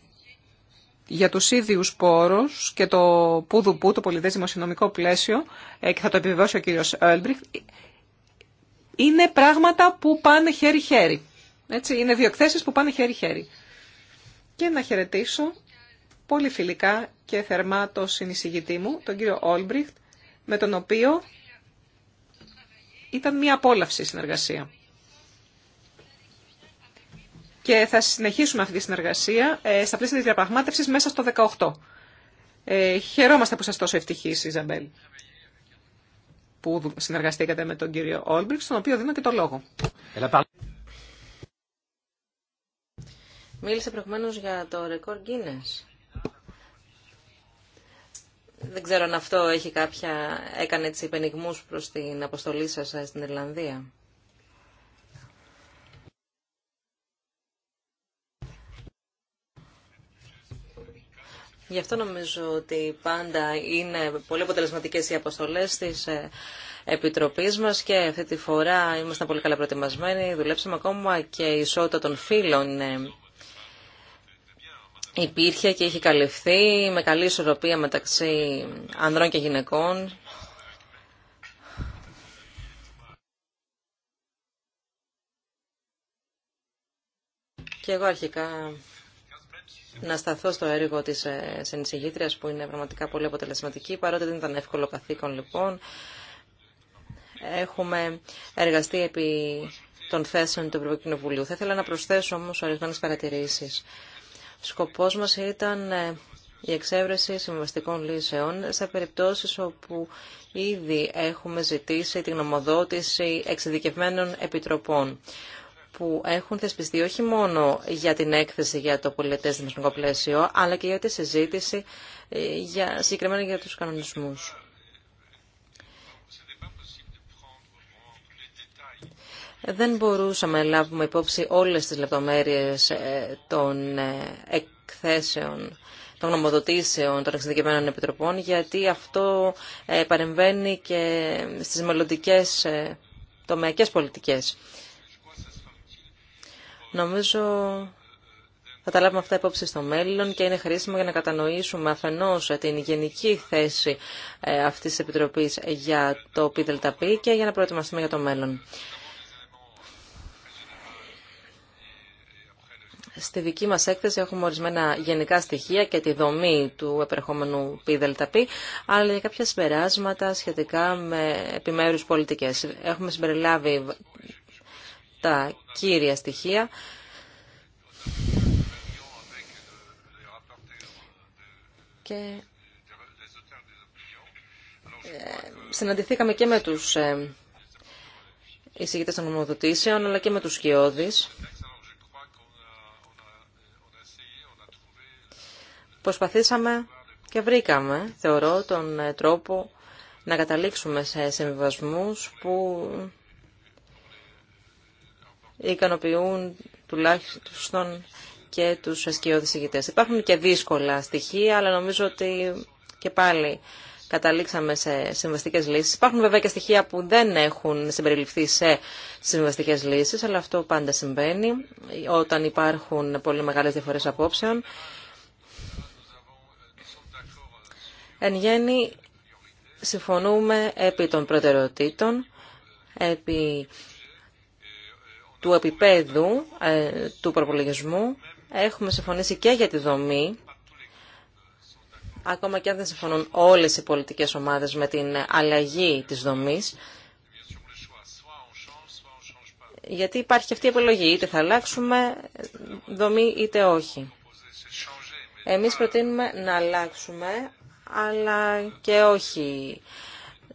για τους ίδιους πόρους και το πουδουπού, το πολυδές δημοσιονομικό πλαίσιο, ε, και θα το επιβεβαιώσει ο κύριος Έλμπριχ, είναι πράγματα που πάνε χέρι-χέρι. Έτσι, είναι δύο εκθέσεις που πάνε χέρι-χέρι. Και να χαιρετήσω πολύ φιλικά και θερμά το συνεισηγητή μου, τον κύριο Όλμπριχτ, με τον οποίο ήταν μια απόλαυση η συνεργασία και θα συνεχίσουμε αυτή τη συνεργασία ε, στα πλαίσια τη διαπραγμάτευση μέσα στο 18. Ε, χαιρόμαστε που σα τόσο ευτυχή, Ιζαμπέλ, που συνεργαστήκατε με τον κύριο Όλμπριξ, στον οποίο δίνω και το λόγο. Μίλησε προηγουμένω για το ρεκόρ Guinness. Δεν ξέρω αν αυτό έχει κάποια, έκανε έτσι υπενιγμούς προς την αποστολή σας ε, στην Ιρλανδία. Γι' αυτό νομίζω ότι πάντα είναι πολύ αποτελεσματικέ οι αποστολέ τη ε, Επιτροπή μα και αυτή τη φορά ήμασταν πολύ καλά προετοιμασμένοι. Δουλέψαμε ακόμα και η ισότητα των φύλων ε, υπήρχε και είχε καλυφθεί με καλή ισορροπία μεταξύ ανδρών και γυναικών. Και εγώ αρχικά να σταθώ στο έργο της ε, συνεισηγήτριας που είναι πραγματικά πολύ αποτελεσματική, παρότι δεν ήταν εύκολο καθήκον λοιπόν. Έχουμε εργαστεί επί των θέσεων του Ευρωπαϊκού Κοινοβουλίου. Θα ήθελα να προσθέσω όμως ορισμένες παρατηρήσεις. Σκοπός μας ήταν ε, η εξέβρεση συμβαστικών λύσεων σε περιπτώσεις όπου ήδη έχουμε ζητήσει την γνωμοδότηση εξειδικευμένων επιτροπών που έχουν θεσπιστεί όχι μόνο για την έκθεση για το πολιτέ δημοσιονομικό πλαίσιο, αλλά και για τη συζήτηση ε, για, συγκεκριμένα για τους κανονισμούς. Δεν μπορούσαμε να λάβουμε υπόψη όλες τις λεπτομέρειες ε, των ε, εκθέσεων των νομοδοτήσεων των εξειδικευμένων επιτροπών, γιατί αυτό παρεμβαίνει και στις μελλοντικέ τομεακές πολιτικές. Νομίζω θα τα λάβουμε αυτά υπόψη στο μέλλον και είναι χρήσιμο για να κατανοήσουμε αφενός ε, την γενική θέση ε, αυτής της Επιτροπής για το Πίδελταπή και για να προετοιμαστούμε για το μέλλον. Στη δική μας έκθεση έχουμε ορισμένα γενικά στοιχεία και τη δομή του επερχόμενου Πίδελταπή, αλλά για κάποια συμπεράσματα σχετικά με επιμέρους πολιτικές. Έχουμε συμπεριλάβει τα κύρια στοιχεία. Και ε, συναντηθήκαμε και με τους ε, εισηγητές των νομοδοτήσεων, αλλά και με τους σκιώδεις. Προσπαθήσαμε και βρήκαμε, θεωρώ, τον ε, τρόπο να καταλήξουμε σε συμβιβασμούς που ικανοποιούν τουλάχιστον και τους ασκιώδεις ηγητές. Υπάρχουν και δύσκολα στοιχεία, αλλά νομίζω ότι και πάλι καταλήξαμε σε συμβαστικέ λύσεις. Υπάρχουν βέβαια και στοιχεία που δεν έχουν συμπεριληφθεί σε συμβαστικέ λύσεις, αλλά αυτό πάντα συμβαίνει όταν υπάρχουν πολύ μεγάλες διαφορές απόψεων. Εν γέννη, συμφωνούμε επί των προτεραιοτήτων, επί του επίπεδου ε, του προπολογισμού έχουμε συμφωνήσει και για τη δομή, ακόμα και αν δεν συμφωνούν όλες οι πολιτικές ομάδες με την αλλαγή της δομής, γιατί υπάρχει αυτή η επιλογή, είτε θα αλλάξουμε δομή είτε όχι. Εμείς προτείνουμε να αλλάξουμε, αλλά και όχι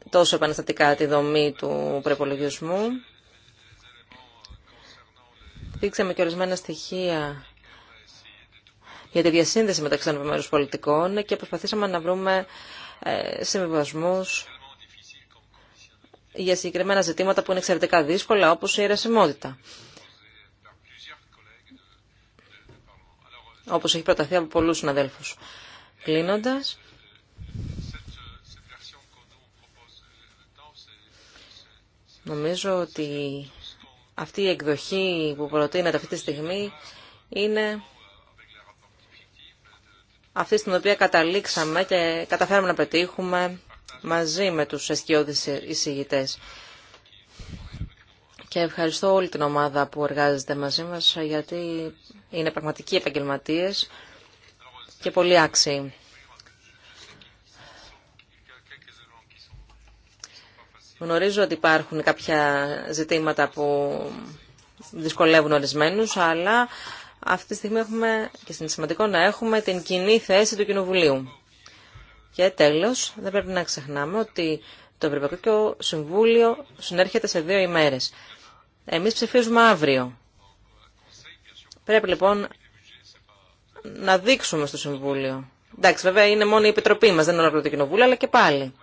τόσο επαναστατικά τη δομή του προπολογισμού δείξαμε και ορισμένα στοιχεία για τη διασύνδεση μεταξύ των μέρους πολιτικών και προσπαθήσαμε να βρούμε ε, συμβιβασμού για συγκεκριμένα ζητήματα που είναι εξαιρετικά δύσκολα, όπως η αιρεσιμότητα. Όπως έχει προταθεί από πολλούς συναδέλφους. Κλείνοντας, νομίζω ότι αυτή η εκδοχή που προτείνεται αυτή τη στιγμή είναι αυτή στην οποία καταλήξαμε και καταφέραμε να πετύχουμε μαζί με τους αισθιώδεις εισηγητές. Και ευχαριστώ όλη την ομάδα που εργάζεται μαζί μας γιατί είναι πραγματικοί επαγγελματίες και πολύ άξιοι. Γνωρίζω ότι υπάρχουν κάποια ζητήματα που δυσκολεύουν ορισμένου, αλλά αυτή τη στιγμή έχουμε, και είναι σημαντικό να έχουμε την κοινή θέση του Κοινοβουλίου. Και τέλο, δεν πρέπει να ξεχνάμε ότι το Ευρωπαϊκό Συμβούλιο συνέρχεται σε δύο ημέρε. Εμεί ψηφίζουμε αύριο. Πρέπει λοιπόν να δείξουμε στο Συμβούλιο. Εντάξει, βέβαια είναι μόνο η Επιτροπή μα δεν είναι ολόκληρο το Κοινοβούλιο, αλλά και πάλι.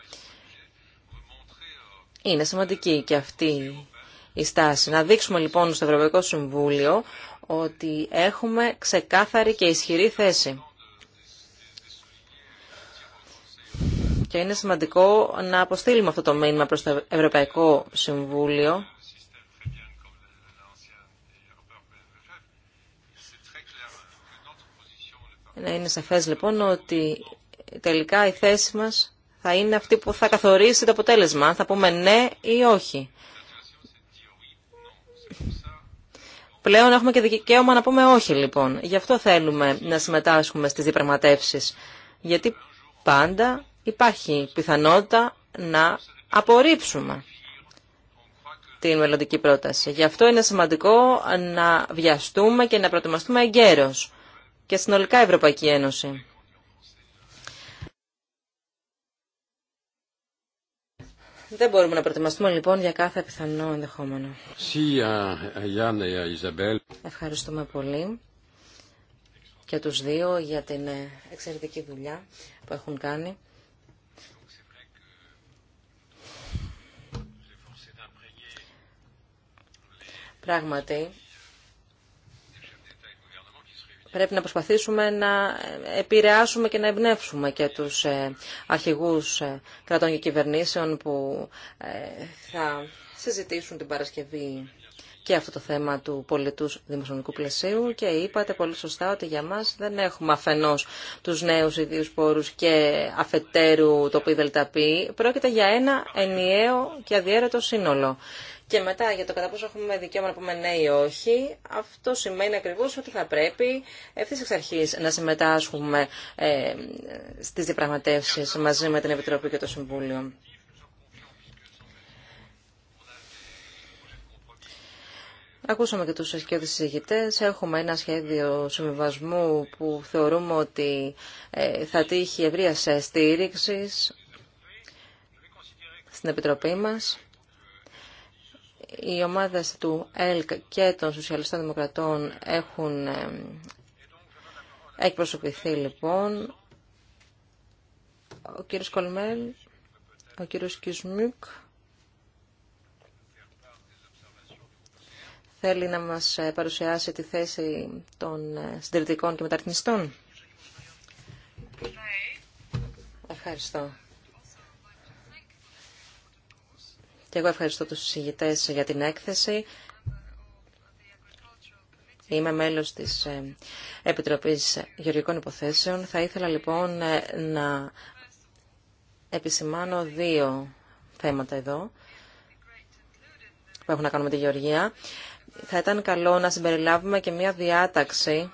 Είναι σημαντική και αυτή η στάση. Να δείξουμε λοιπόν στο Ευρωπαϊκό Συμβούλιο ότι έχουμε ξεκάθαρη και ισχυρή θέση. Και είναι σημαντικό να αποστείλουμε αυτό το μήνυμα προς το Ευρωπαϊκό Συμβούλιο. Να είναι σαφές λοιπόν ότι τελικά η θέση μας θα είναι αυτή που θα καθορίσει το αποτέλεσμα, θα πούμε ναι ή όχι. Πλέον έχουμε και δικαίωμα να πούμε όχι λοιπόν. Γι' αυτό θέλουμε να συμμετάσχουμε στις διαπραγματεύσεις. Γιατί πάντα υπάρχει πιθανότητα να απορρίψουμε την μελλοντική πρόταση. Γι' αυτό είναι σημαντικό να βιαστούμε και να προετοιμαστούμε εγκαίρως και συνολικά η Ευρωπαϊκή Ένωση. Δεν μπορούμε να προετοιμαστούμε λοιπόν για κάθε πιθανό ενδεχόμενο. Ε, ε, Ευχαριστούμε πολύ και τους δύο για την ε, εξαιρετική δουλειά που έχουν κάνει. Πράγματι, πρέπει να προσπαθήσουμε να επηρεάσουμε και να εμπνεύσουμε και τους ε, αρχηγούς ε, κρατών και κυβερνήσεων που ε, θα συζητήσουν την Παρασκευή και αυτό το θέμα του πολιτού δημοσιονομικού πλαισίου και είπατε πολύ σωστά ότι για μας δεν έχουμε αφενός τους νέους ιδίους πόρους και αφετέρου το ΠΔΠ. Πρόκειται για ένα ενιαίο και αδιέρετο σύνολο. Και μετά για το κατά πόσο έχουμε δικαίωμα να πούμε ναι ή όχι, αυτό σημαίνει ακριβώ ότι θα πρέπει ευθύ εξ αρχή να συμμετάσχουμε ε, στις διαπραγματεύσει μαζί με την Επιτροπή και το Συμβούλιο. Ακούσαμε και τους ασκιώδεις συζητητές. Έχουμε ένα σχέδιο συμβιβασμού που θεωρούμε ότι ε, θα τύχει ευρεία στήριξη στην Επιτροπή μας οι ομάδες του ΕΛΚ και των Σοσιαλιστών Δημοκρατών έχουν ε, εκπροσωπηθεί λοιπόν. Ο κύριος Κολμέλ, ο κύριος Κισμούκ θέλει να μας ε, παρουσιάσει τη θέση των ε, συντηρητικών και μεταρρυθμιστών. Ευχαριστώ. Και εγώ ευχαριστώ τους συζητητές για την έκθεση. Είμαι μέλος της ε, Επιτροπής Γεωργικών Υποθέσεων. Θα ήθελα λοιπόν ε, να επισημάνω δύο θέματα εδώ που έχουν να κάνουν με τη Γεωργία. Θα ήταν καλό να συμπεριλάβουμε και μια διάταξη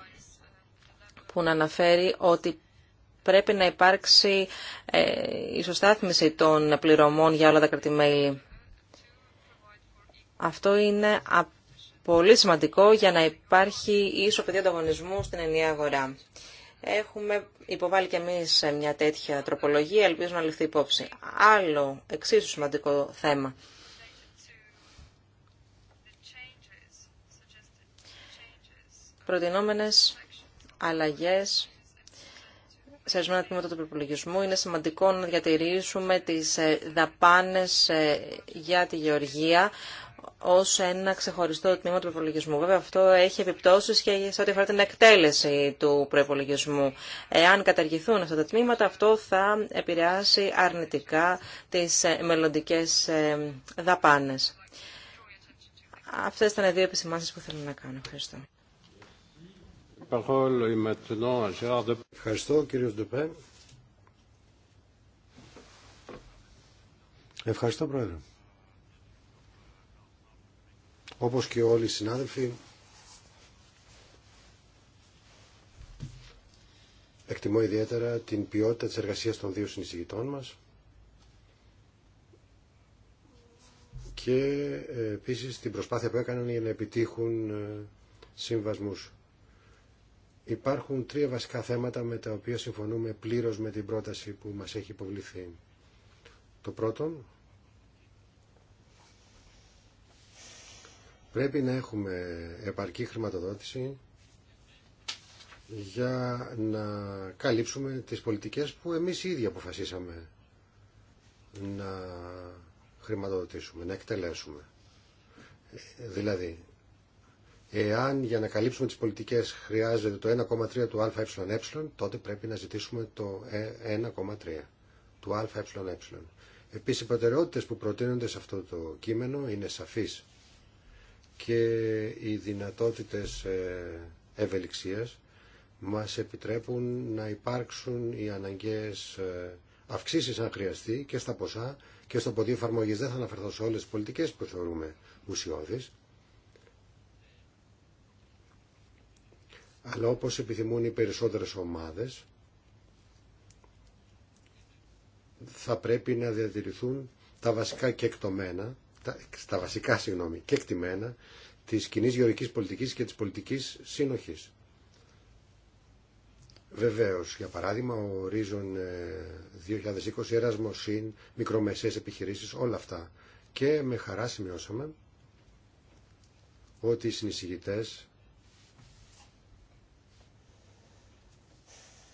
που να αναφέρει ότι πρέπει να υπάρξει ε, ισοστάθμιση των πληρωμών για όλα τα κρατημέλη. Αυτό είναι πολύ σημαντικό για να υπάρχει ίσο παιδί ανταγωνισμού στην ενιαία αγορά. Έχουμε υποβάλει και εμεί μια τέτοια τροπολογία, ελπίζω να ληφθεί υπόψη. Άλλο εξίσου σημαντικό θέμα. Προτινόμενες αλλαγές σε ορισμένα τμήματα του προπολογισμού είναι σημαντικό να διατηρήσουμε τις ε, δαπάνες ε, για τη γεωργία Ω ένα ξεχωριστό τμήμα του προπολογισμού. Βέβαια αυτό έχει επιπτώσεις και σε ό,τι αφορά την εκτέλεση του προπολογισμού. Εάν καταργηθούν αυτά τα τμήματα, αυτό θα επηρεάσει αρνητικά τι ε, μελλοντικέ ε, δαπάνε. Αυτέ ήταν οι δύο επισημάνσει που θέλω να κάνω. Ευχαριστώ. Ευχαριστώ κύριο Ντεπέ. Ευχαριστώ πρόεδρε όπως και όλοι οι συνάδελφοι εκτιμώ ιδιαίτερα την ποιότητα της εργασίας των δύο συνεισηγητών μας και ε, επίσης την προσπάθεια που έκαναν για να επιτύχουν ε, συμβασμούς. Υπάρχουν τρία βασικά θέματα με τα οποία συμφωνούμε πλήρως με την πρόταση που μας έχει υποβληθεί. Το πρώτο Πρέπει να έχουμε επαρκή χρηματοδότηση για να καλύψουμε τις πολιτικές που εμείς οι ίδιοι αποφασίσαμε να χρηματοδοτήσουμε, να εκτελέσουμε. Δηλαδή, εάν για να καλύψουμε τις πολιτικές χρειάζεται το 1,3 του ΑΕΕ, τότε πρέπει να ζητήσουμε το 1,3 του ΑΕΕ. Επίσης, οι προτεραιότητες που προτείνονται σε αυτό το κείμενο είναι σαφείς και οι δυνατότητες ε, ευελιξίας μας επιτρέπουν να υπάρξουν οι αναγκαίες ε, αυξήσεις αν χρειαστεί και στα ποσά και στο ποδίο εφαρμογή. Δεν θα αναφερθώ σε όλες τις πολιτικές που θεωρούμε ουσιώδεις. Αλλά όπως επιθυμούν οι περισσότερες ομάδες θα πρέπει να διατηρηθούν τα βασικά κεκτομένα στα βασικά συγγνώμη, και εκτιμένα τη κοινή γεωρική πολιτική και τη πολιτική σύνοχή. Βεβαίω, για παράδειγμα, ο ε, ορίζον 2020, σύν μικρομεσαίε επιχειρήσει, όλα αυτά. Και με χαρά σημειώσαμε ότι οι συνεισηγητέ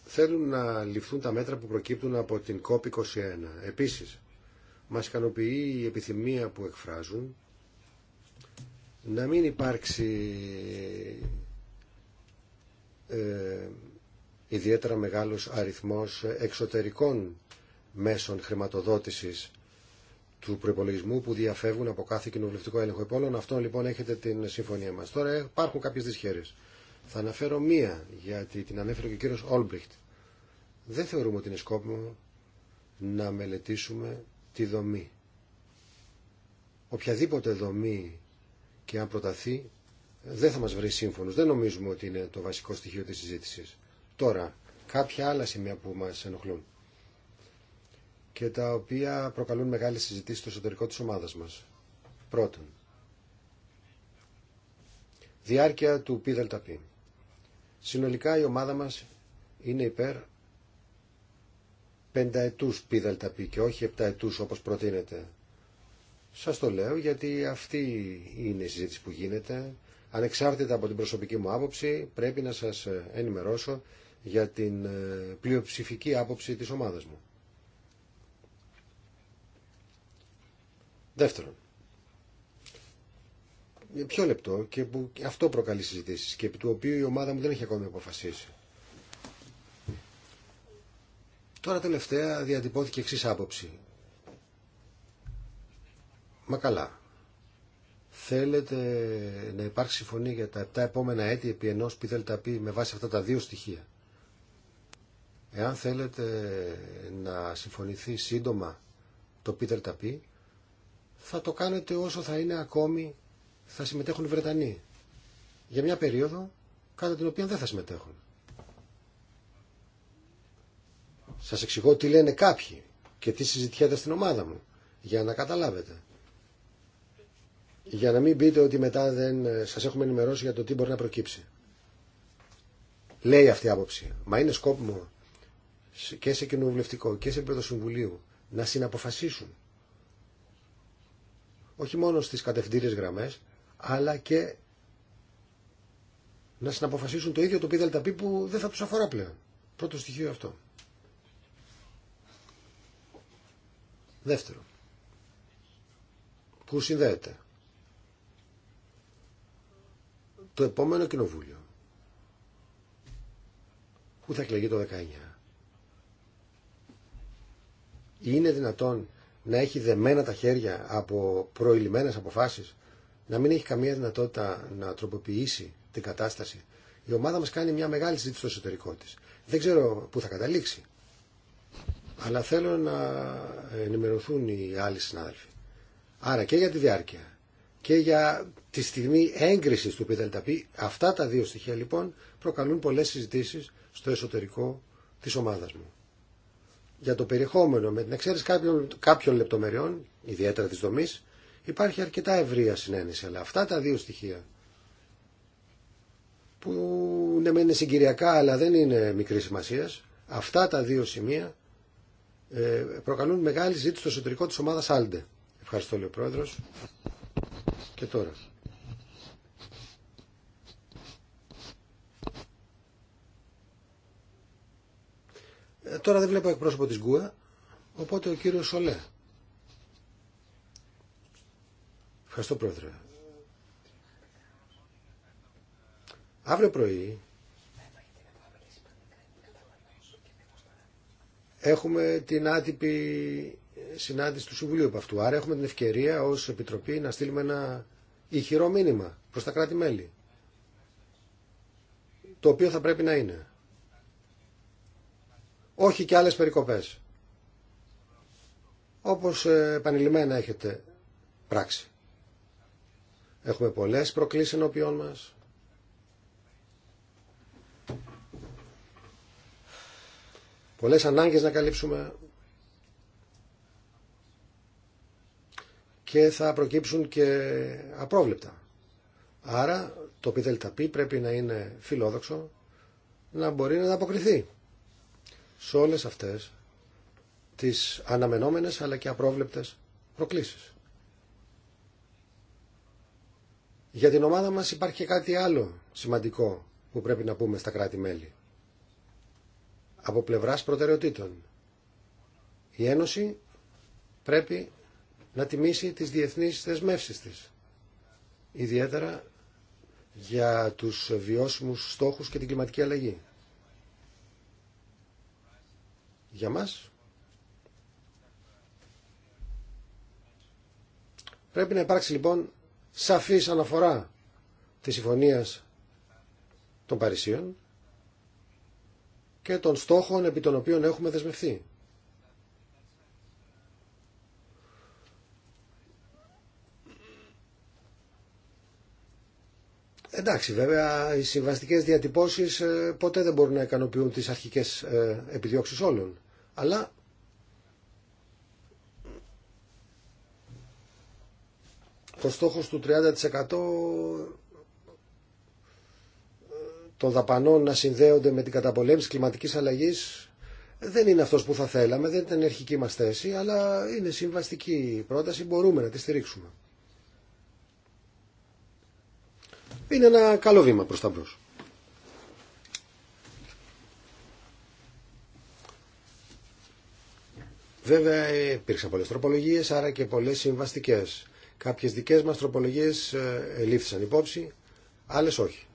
θέλουν να ληφθούν τα μέτρα που προκύπτουν από την COP21. Επίσης, μας ικανοποιεί η επιθυμία που εκφράζουν να μην υπάρξει ε, ιδιαίτερα μεγάλος αριθμός εξωτερικών μέσων χρηματοδότησης του προπολογισμού που διαφεύγουν από κάθε κοινοβουλευτικό έλεγχο υπόλων. Αυτό λοιπόν έχετε την συμφωνία μας. Τώρα υπάρχουν κάποιες δυσχέρειες. Θα αναφέρω μία, γιατί την ανέφερε και ο κύριος Όλμπριχτ. Δεν θεωρούμε ότι είναι σκόπιμο να μελετήσουμε τη δομή. Οποιαδήποτε δομή και αν προταθεί δεν θα μας βρει σύμφωνος. Δεν νομίζουμε ότι είναι το βασικό στοιχείο της συζήτησης. Τώρα, κάποια άλλα σημεία που μας ενοχλούν και τα οποία προκαλούν μεγάλες συζητήσεις στο εσωτερικό της ομάδας μας. Πρώτον, διάρκεια του ΠΔΠ. Συνολικά η ομάδα μας είναι υπέρ πενταετούς πει και όχι επταετούς όπως προτείνεται. Σας το λέω γιατί αυτή είναι η συζήτηση που γίνεται. Ανεξάρτητα από την προσωπική μου άποψη πρέπει να σας ε, ενημερώσω για την ε, πλειοψηφική άποψη της ομάδας μου. Δεύτερον, ε, πιο λεπτό και αυτό προκαλεί συζητήσεις και επί του οποίου η ομάδα μου δεν έχει ακόμη αποφασίσει. Τώρα τελευταία διατυπώθηκε εξή άποψη. Μα καλά. Θέλετε να υπάρξει συμφωνία για τα 7 επόμενα έτη επί ενός πι με βάση αυτά τα δύο στοιχεία. Εάν θέλετε να συμφωνηθεί σύντομα το πι πι, θα το κάνετε όσο θα είναι ακόμη θα συμμετέχουν οι Βρετανοί. Για μια περίοδο κατά την οποία δεν θα συμμετέχουν. Σας εξηγώ τι λένε κάποιοι και τι συζητιέται στην ομάδα μου για να καταλάβετε. Για να μην πείτε ότι μετά δεν ε, σας έχουμε ενημερώσει για το τι μπορεί να προκύψει. Λέει αυτή η άποψη. Μα είναι σκόπιμο και σε κοινοβουλευτικό και σε επίπεδο συμβουλίου να συναποφασίσουν όχι μόνο στις κατευθυντήριες γραμμές αλλά και να συναποφασίσουν το ίδιο το ΠΔΠ που δεν θα του αφορά πλέον. Πρώτο στοιχείο αυτό. Δεύτερο, που συνδέεται το επόμενο κοινοβούλιο που θα εκλεγεί το 19. Είναι δυνατόν να έχει δεμένα τα χέρια από προηλημένες αποφάσεις, να μην έχει καμία δυνατότητα να τροποποιήσει την κατάσταση. Η ομάδα μας κάνει μια μεγάλη συζήτηση στο εσωτερικό της. Δεν ξέρω πού θα καταλήξει αλλά θέλω να ενημερωθούν οι άλλοι συνάδελφοι. Άρα και για τη διάρκεια και για τη στιγμή έγκριση του ΠΔΕΛΤΑΠΗ, αυτά τα δύο στοιχεία λοιπόν προκαλούν πολλές συζητήσεις στο εσωτερικό της ομάδας μου. Για το περιεχόμενο, με την εξαίρεση κάποιων, λεπτομεριών, ιδιαίτερα τη δομή, υπάρχει αρκετά ευρεία συνένεση, αλλά αυτά τα δύο στοιχεία που ναι, είναι συγκυριακά αλλά δεν είναι μικρή σημασία, αυτά τα δύο σημεία ε, προκαλούν μεγάλη ζήτηση στο εσωτερικό της ομάδας Άλντε. Ευχαριστώ, λέει ο Πρόεδρος. Και τώρα. Ε, τώρα δεν βλέπω εκπρόσωπο της Γκουα, οπότε ο κύριος Σολέ. Ευχαριστώ, Πρόεδρε. Αύριο πρωί Έχουμε την άτυπη συνάντηση του Συμβουλίου από αυτού. Άρα έχουμε την ευκαιρία ως Επιτροπή να στείλουμε ένα ηχηρό μήνυμα προς τα κράτη-μέλη. Το οποίο θα πρέπει να είναι. Όχι και άλλες περικοπές. Όπως ε, επανειλημμένα έχετε πράξει. Έχουμε πολλές προκλήσεις ενώπιών μας. πολλές ανάγκες να καλύψουμε και θα προκύψουν και απρόβλεπτα. Άρα το ΠΔΠ πρέπει να είναι φιλόδοξο να μπορεί να αποκριθεί σε όλες αυτές τις αναμενόμενες αλλά και απρόβλεπτες προκλήσεις. Για την ομάδα μας υπάρχει και κάτι άλλο σημαντικό που πρέπει να πούμε στα κράτη-μέλη από πλευράς προτεραιοτήτων. Η Ένωση πρέπει να τιμήσει τις διεθνείς θεσμεύσεις της, ιδιαίτερα για τους βιώσιμους στόχους και την κλιματική αλλαγή. Για μας πρέπει να υπάρξει λοιπόν σαφής αναφορά της συμφωνίας των Παρισίων και των στόχων επί των οποίων έχουμε δεσμευθεί. Εντάξει, βέβαια, οι συμβαστικέ διατυπώσει ε, ποτέ δεν μπορούν να ικανοποιούν τι αρχικέ ε, επιδιώξει όλων. Αλλά το στόχος του 30% των δαπανών να συνδέονται με την καταπολέμηση κλιματικής αλλαγής δεν είναι αυτός που θα θέλαμε, δεν ήταν η αρχική μας θέση, αλλά είναι συμβαστική πρόταση, μπορούμε να τη στηρίξουμε. Είναι ένα καλό βήμα προς τα μπρος. Βέβαια υπήρξαν πολλές τροπολογίες, άρα και πολλές συμβαστικές. Κάποιες δικές μας τροπολογίες ε, ελήφθησαν υπόψη, άλλες όχι.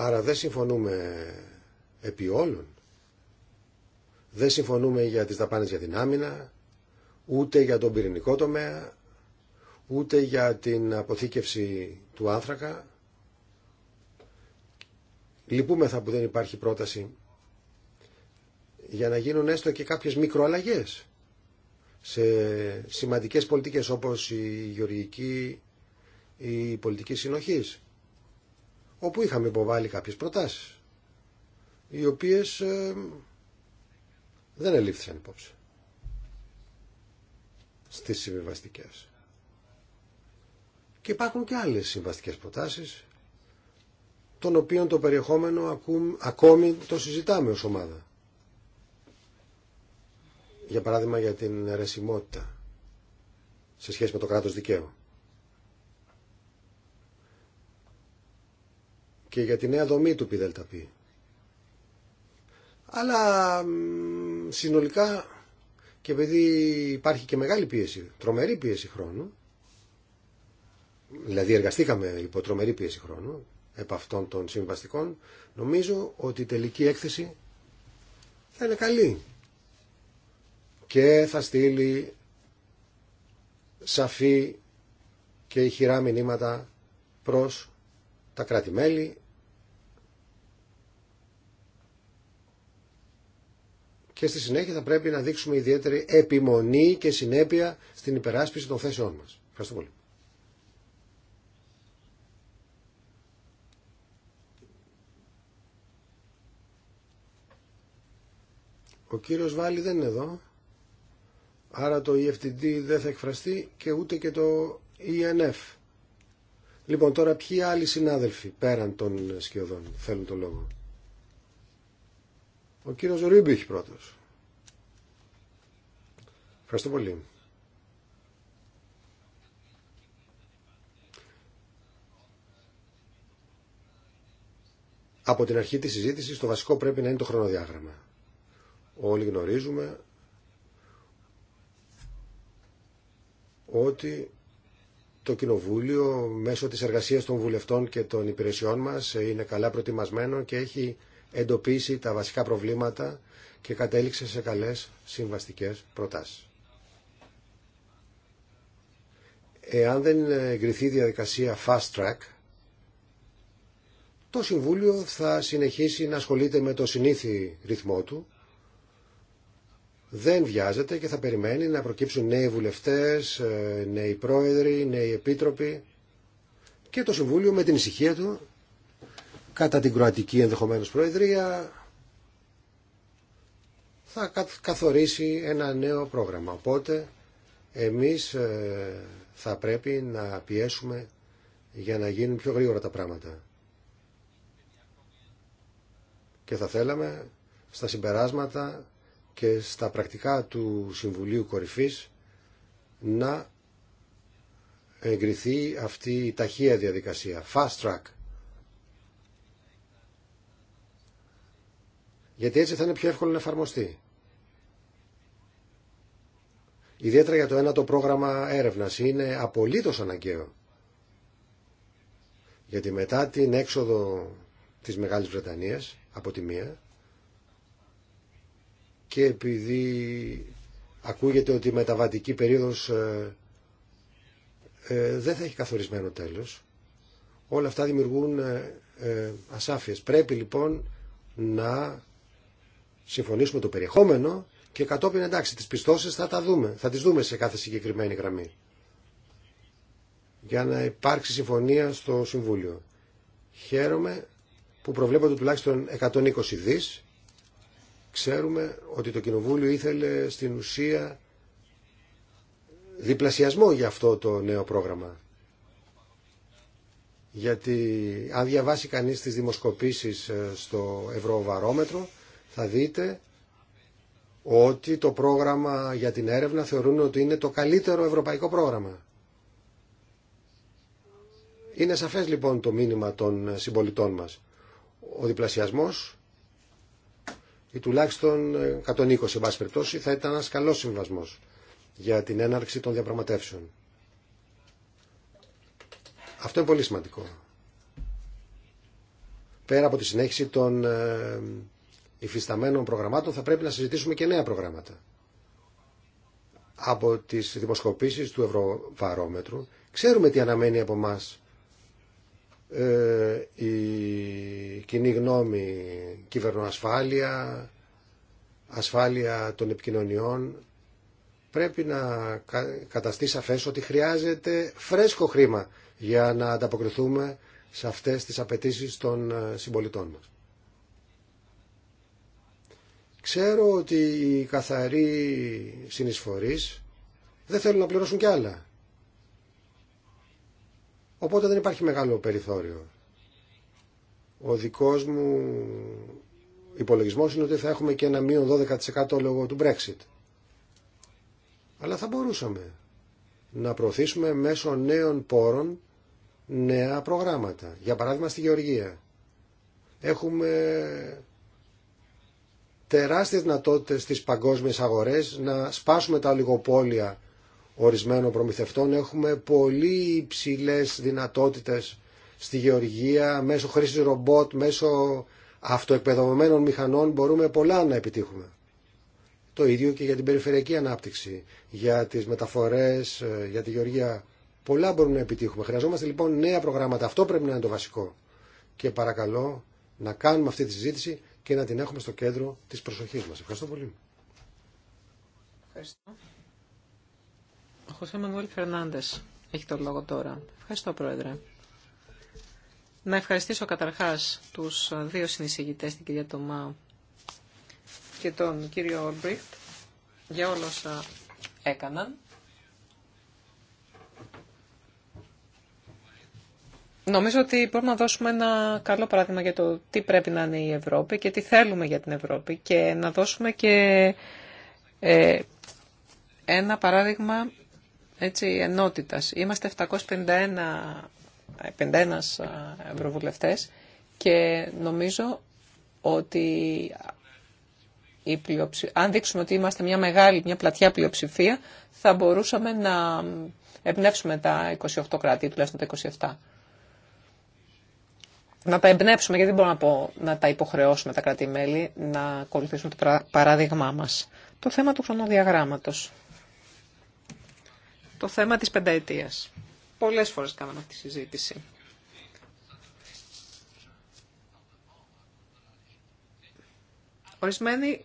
Άρα δεν συμφωνούμε επί όλων. Δεν συμφωνούμε για τις δαπάνες για την άμυνα, ούτε για τον πυρηνικό τομέα, ούτε για την αποθήκευση του άνθρακα. Λυπούμεθα που δεν υπάρχει πρόταση για να γίνουν έστω και κάποιες μικροαλλαγές σε σημαντικές πολιτικές όπως η γεωργική, η πολιτική συνοχής όπου είχαμε υποβάλει κάποιες προτάσεις, οι οποίες ε, δεν ελήφθησαν υπόψη στις συμβιβαστικέ. Και υπάρχουν και άλλες συμβαστικές προτάσεις, των οποίων το περιεχόμενο ακόμη το συζητάμε ως ομάδα. Για παράδειγμα για την αιρεσιμότητα σε σχέση με το κράτος δικαίου. και για τη νέα δομή του ΠΙΔΕΛΤΑΠΗ. Αλλά συνολικά και επειδή υπάρχει και μεγάλη πίεση, τρομερή πίεση χρόνου, δηλαδή εργαστήκαμε υπό τρομερή πίεση χρόνου επ' αυτών των συμβαστικών, νομίζω ότι η τελική έκθεση θα είναι καλή και θα στείλει σαφή και ηχηρά μηνύματα προς τα κράτη-μέλη και στη συνέχεια θα πρέπει να δείξουμε ιδιαίτερη επιμονή και συνέπεια στην υπεράσπιση των θέσεών μας. Ευχαριστώ πολύ. Ο κύριος Βάλλη δεν είναι εδώ, άρα το EFTD δεν θα εκφραστεί και ούτε και το ENF. Λοιπόν, τώρα ποιοι άλλοι συνάδελφοι πέραν των σκιωδών θέλουν το λόγο. Ο κύριος Ρίμπιχ πρώτος. Ευχαριστώ πολύ. Από την αρχή της συζήτησης το βασικό πρέπει να είναι το χρονοδιάγραμμα. Όλοι γνωρίζουμε ότι το Κοινοβούλιο μέσω της εργασίας των βουλευτών και των υπηρεσιών μας είναι καλά προετοιμασμένο και έχει εντοπίσει τα βασικά προβλήματα και κατέληξε σε καλές συμβαστικές προτάσεις. Εάν δεν εγκριθεί διαδικασία fast track, το Συμβούλιο θα συνεχίσει να ασχολείται με το συνήθι ρυθμό του δεν βιάζεται και θα περιμένει να προκύψουν νέοι βουλευτές, ε, νέοι πρόεδροι, νέοι επίτροποι και το Συμβούλιο με την ησυχία του κατά την Κροατική ενδεχομένως Προεδρία θα καθορίσει ένα νέο πρόγραμμα. Οπότε εμείς ε, θα πρέπει να πιέσουμε για να γίνουν πιο γρήγορα τα πράγματα. Και θα θέλαμε στα συμπεράσματα και στα πρακτικά του Συμβουλίου Κορυφής να εγκριθεί αυτή η ταχεία διαδικασία, fast track. Γιατί έτσι θα είναι πιο εύκολο να εφαρμοστεί. Ιδιαίτερα για το ένα το πρόγραμμα έρευνας είναι απολύτως αναγκαίο. Γιατί μετά την έξοδο της Μεγάλης Βρετανίας από τη μία και επειδή ακούγεται ότι η μεταβατική περίοδος ε, ε, δεν θα έχει καθορισμένο τέλος, όλα αυτά δημιουργούν ε, ασάφειες. Πρέπει λοιπόν να συμφωνήσουμε το περιεχόμενο και κατόπιν εντάξει τις πιστώσεις θα τα δούμε, θα τις δούμε σε κάθε συγκεκριμένη γραμμή για να υπάρξει συμφωνία στο Συμβούλιο. Χαίρομαι που προβλέπονται τουλάχιστον 120 δις Ξέρουμε ότι το Κοινοβούλιο ήθελε στην ουσία διπλασιασμό για αυτό το νέο πρόγραμμα. Γιατί αν διαβάσει κανείς τις δημοσκοπήσεις ε, στο Ευρωβαρόμετρο θα δείτε ότι το πρόγραμμα για την έρευνα θεωρούν ότι είναι το καλύτερο ευρωπαϊκό πρόγραμμα. Είναι σαφές λοιπόν το μήνυμα των συμπολιτών μας. Ο διπλασιασμός ή τουλάχιστον 120 ε, βάση περιπτώσει θα ήταν ένας καλός συμβασμός για την έναρξη των διαπραγματεύσεων. Αυτό είναι πολύ σημαντικό. Πέρα από τη συνέχιση των ε, υφισταμένων προγραμμάτων θα πρέπει να συζητήσουμε και νέα προγράμματα. Από τις δημοσκοπήσεις του Ευρωβαρόμετρου ξέρουμε τι αναμένει από μας ε, η κοινή γνώμη κυβερνοασφάλεια, ασφάλεια των επικοινωνιών, πρέπει να καταστεί σαφές ότι χρειάζεται φρέσκο χρήμα για να ανταποκριθούμε σε αυτές τις απαιτήσεις των ε, συμπολιτών μας. Ξέρω ότι οι καθαροί συνεισφορείς δεν θέλουν να πληρώσουν κι άλλα. Οπότε δεν υπάρχει μεγάλο περιθώριο. Ο δικός μου υπολογισμός είναι ότι θα έχουμε και ένα μείον 12% λόγω του Brexit. Αλλά θα μπορούσαμε να προωθήσουμε μέσω νέων πόρων νέα προγράμματα. Για παράδειγμα στη Γεωργία. Έχουμε τεράστιες δυνατότητες στις παγκόσμιες αγορές να σπάσουμε τα ολιγοπόλια ορισμένων προμηθευτών έχουμε πολύ υψηλέ δυνατότητες στη γεωργία, μέσω χρήσης ρομπότ, μέσω αυτοεκπαιδευμένων μηχανών μπορούμε πολλά να επιτύχουμε. Το ίδιο και για την περιφερειακή ανάπτυξη, για τις μεταφορές, ε, για τη γεωργία. Πολλά μπορούμε να επιτύχουμε. Χρειαζόμαστε λοιπόν νέα προγράμματα. Αυτό πρέπει να είναι το βασικό. Και παρακαλώ να κάνουμε αυτή τη συζήτηση και να την έχουμε στο κέντρο της προσοχής μας. Ευχαριστώ πολύ. Ευχαριστώ. Ο Χωσέ Μανουέλ έχει το λόγο τώρα. Ευχαριστώ, Πρόεδρε. Να ευχαριστήσω καταρχάς τους δύο συνεισηγητές, την κυρία Τωμά και τον κύριο Ολμπριχτ, για όλα όσα έκαναν. Νομίζω ότι μπορούμε να δώσουμε ένα καλό παράδειγμα για το τι πρέπει να είναι η Ευρώπη και τι θέλουμε για την Ευρώπη και να δώσουμε και ε, ένα παράδειγμα έτσι, ενότητας. Είμαστε 751 51 ευρωβουλευτές και νομίζω ότι η πλειοψη... αν δείξουμε ότι είμαστε μια μεγάλη, μια πλατιά πλειοψηφία, θα μπορούσαμε να εμπνεύσουμε τα 28 κράτη, τουλάχιστον τα 27. Να τα εμπνεύσουμε, γιατί δεν μπορώ να πω να τα υποχρεώσουμε τα κράτη-μέλη να ακολουθήσουν το παράδειγμά μας. Το θέμα του χρονοδιαγράμματος το θέμα της πενταετίας. Πολλές φορές κάναμε αυτή τη συζήτηση. Ορισμένοι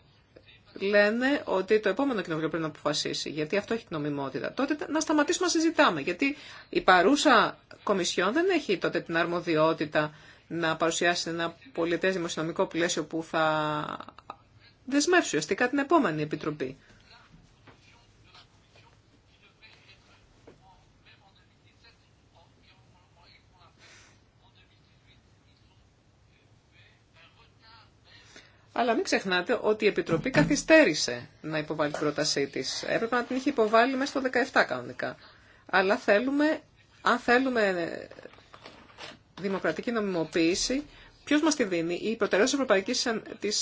λένε ότι το επόμενο κοινοβούλιο πρέπει να αποφασίσει, γιατί αυτό έχει την νομιμότητα. Τότε να σταματήσουμε να συζητάμε, γιατί η παρούσα Κομισιόν δεν έχει τότε την αρμοδιότητα να παρουσιάσει ένα πολιτέ δημοσιονομικό πλαίσιο που θα δεσμεύσει ουσιαστικά την επόμενη Επιτροπή. Αλλά μην ξεχνάτε ότι η Επιτροπή καθυστέρησε να υποβάλει την πρότασή τη. Έπρεπε να την είχε υποβάλει μέσα στο 17 κανονικά. Αλλά θέλουμε, αν θέλουμε δημοκρατική νομιμοποίηση, ποιο μα τη δίνει, η προτεραιότητα Ευρωπαϊκή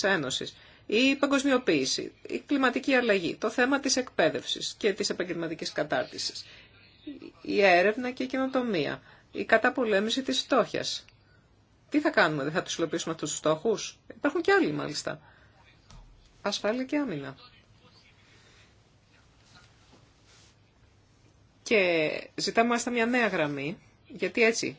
Ένωση, η παγκοσμιοποίηση, η κλιματική αλλαγή, το θέμα τη εκπαίδευση και τη επαγγελματική κατάρτιση, η έρευνα και η καινοτομία, η καταπολέμηση τη φτώχεια, τι θα κάνουμε, δεν θα τους υλοποιήσουμε αυτούς τους στόχους. Υπάρχουν και άλλοι μάλιστα. Ασφάλεια και άμυνα. Και ζητάμε μάλιστα μια νέα γραμμή, γιατί έτσι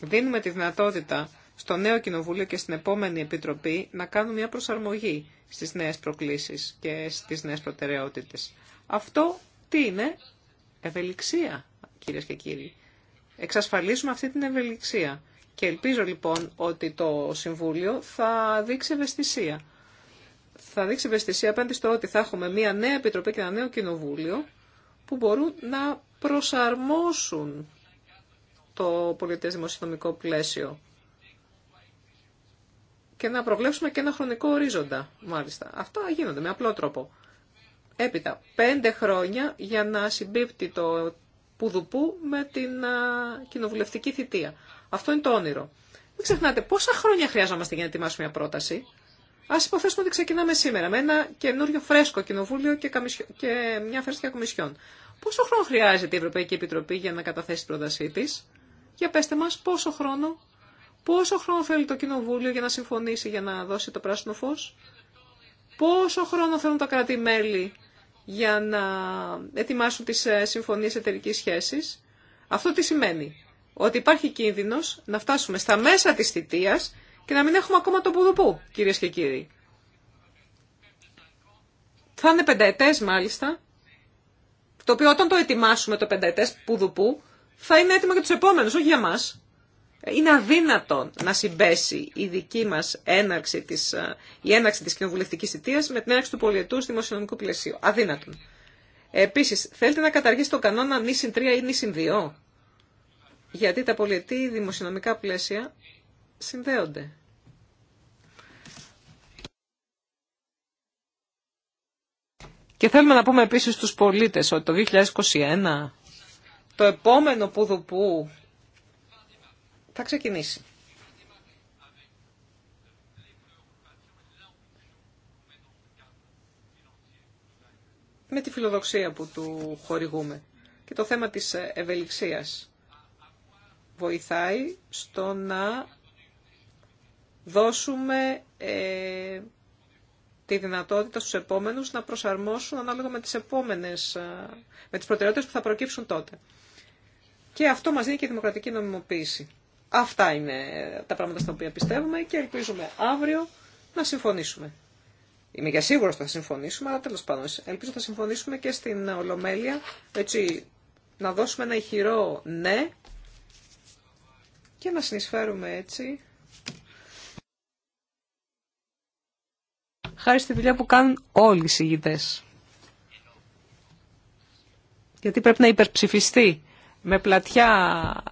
δίνουμε τη δυνατότητα στο νέο Κοινοβούλιο και στην επόμενη Επιτροπή να κάνουν μια προσαρμογή στις νέες προκλήσεις και στις νέες προτεραιότητες. Αυτό τι είναι ευελιξία, κυρίες και κύριοι. Εξασφαλίζουμε αυτή την ευελιξία. Και ελπίζω λοιπόν ότι το Συμβούλιο θα δείξει ευαισθησία. Θα δείξει ευαισθησία απέναντι στο ότι θα έχουμε μια νέα επιτροπή και ένα νέο κοινοβούλιο που μπορούν να προσαρμόσουν το πολιτές δημοσιονομικό πλαίσιο και να προβλέψουμε και ένα χρονικό ορίζοντα, μάλιστα. Αυτά γίνονται με απλό τρόπο. Έπειτα, πέντε χρόνια για να συμπίπτει το πουδουπού με την κοινοβουλευτική θητεία. Αυτό είναι το όνειρο. Μην ξεχνάτε πόσα χρόνια χρειάζομαστε για να ετοιμάσουμε μια πρόταση. Α υποθέσουμε ότι ξεκινάμε σήμερα με ένα καινούριο φρέσκο κοινοβούλιο και, και μια φρέσκια κομισιόν. Πόσο χρόνο χρειάζεται η Ευρωπαϊκή Επιτροπή για να καταθέσει την πρότασή τη, για πέστε μα πόσο χρόνο, πόσο χρόνο θέλει το κοινοβούλιο για να συμφωνήσει, για να δώσει το πράσινο φω, πόσο χρόνο θέλουν τα κράτη-μέλη για να ετοιμάσουν τι ε, συμφωνίε εταιρική σχέση. Αυτό τι σημαίνει ότι υπάρχει κίνδυνο να φτάσουμε στα μέσα τη θητείας και να μην έχουμε ακόμα το πουδουπού, κύριε και κύριοι. Θα είναι πενταετέ μάλιστα, το οποίο όταν το ετοιμάσουμε το πενταετές πουδουπού, θα είναι έτοιμο για του επόμενου όχι για μα. Είναι αδύνατο να συμπέσει η δική μα έναρξη της, ε, η έναρξη της κοινοβουλευτική θητεία με την έναρξη του πολιετούς δημοσιονομικού πλαισίου. Αδύνατο. Επίση, θέλετε να καταργήσετε τον κανόνα νη 3 ή νη 2 γιατί τα πολιτή δημοσιονομικά πλαίσια συνδέονται. Και θέλουμε να πούμε επίσης στους πολίτες ότι το 2021 το επόμενο πουδουπού θα ξεκινήσει. Με τη φιλοδοξία που του χορηγούμε και το θέμα της ευελιξίας βοηθάει στο να δώσουμε ε, τη δυνατότητα στους επόμενους να προσαρμόσουν ανάλογα με τις επόμενες, ε, με τις προτεραιότητες που θα προκύψουν τότε. Και αυτό μας δίνει και η δημοκρατική νομιμοποίηση. Αυτά είναι τα πράγματα στα οποία πιστεύουμε και ελπίζουμε αύριο να συμφωνήσουμε. Είμαι για σίγουρος ότι θα συμφωνήσουμε, αλλά τέλος πάντων ελπίζω θα συμφωνήσουμε και στην Ολομέλεια, έτσι να δώσουμε ένα ηχηρό ναι και να συνεισφέρουμε έτσι χάρη στη δουλειά που κάνουν όλοι οι συγητές. Γιατί πρέπει να υπερψηφιστεί με πλατιά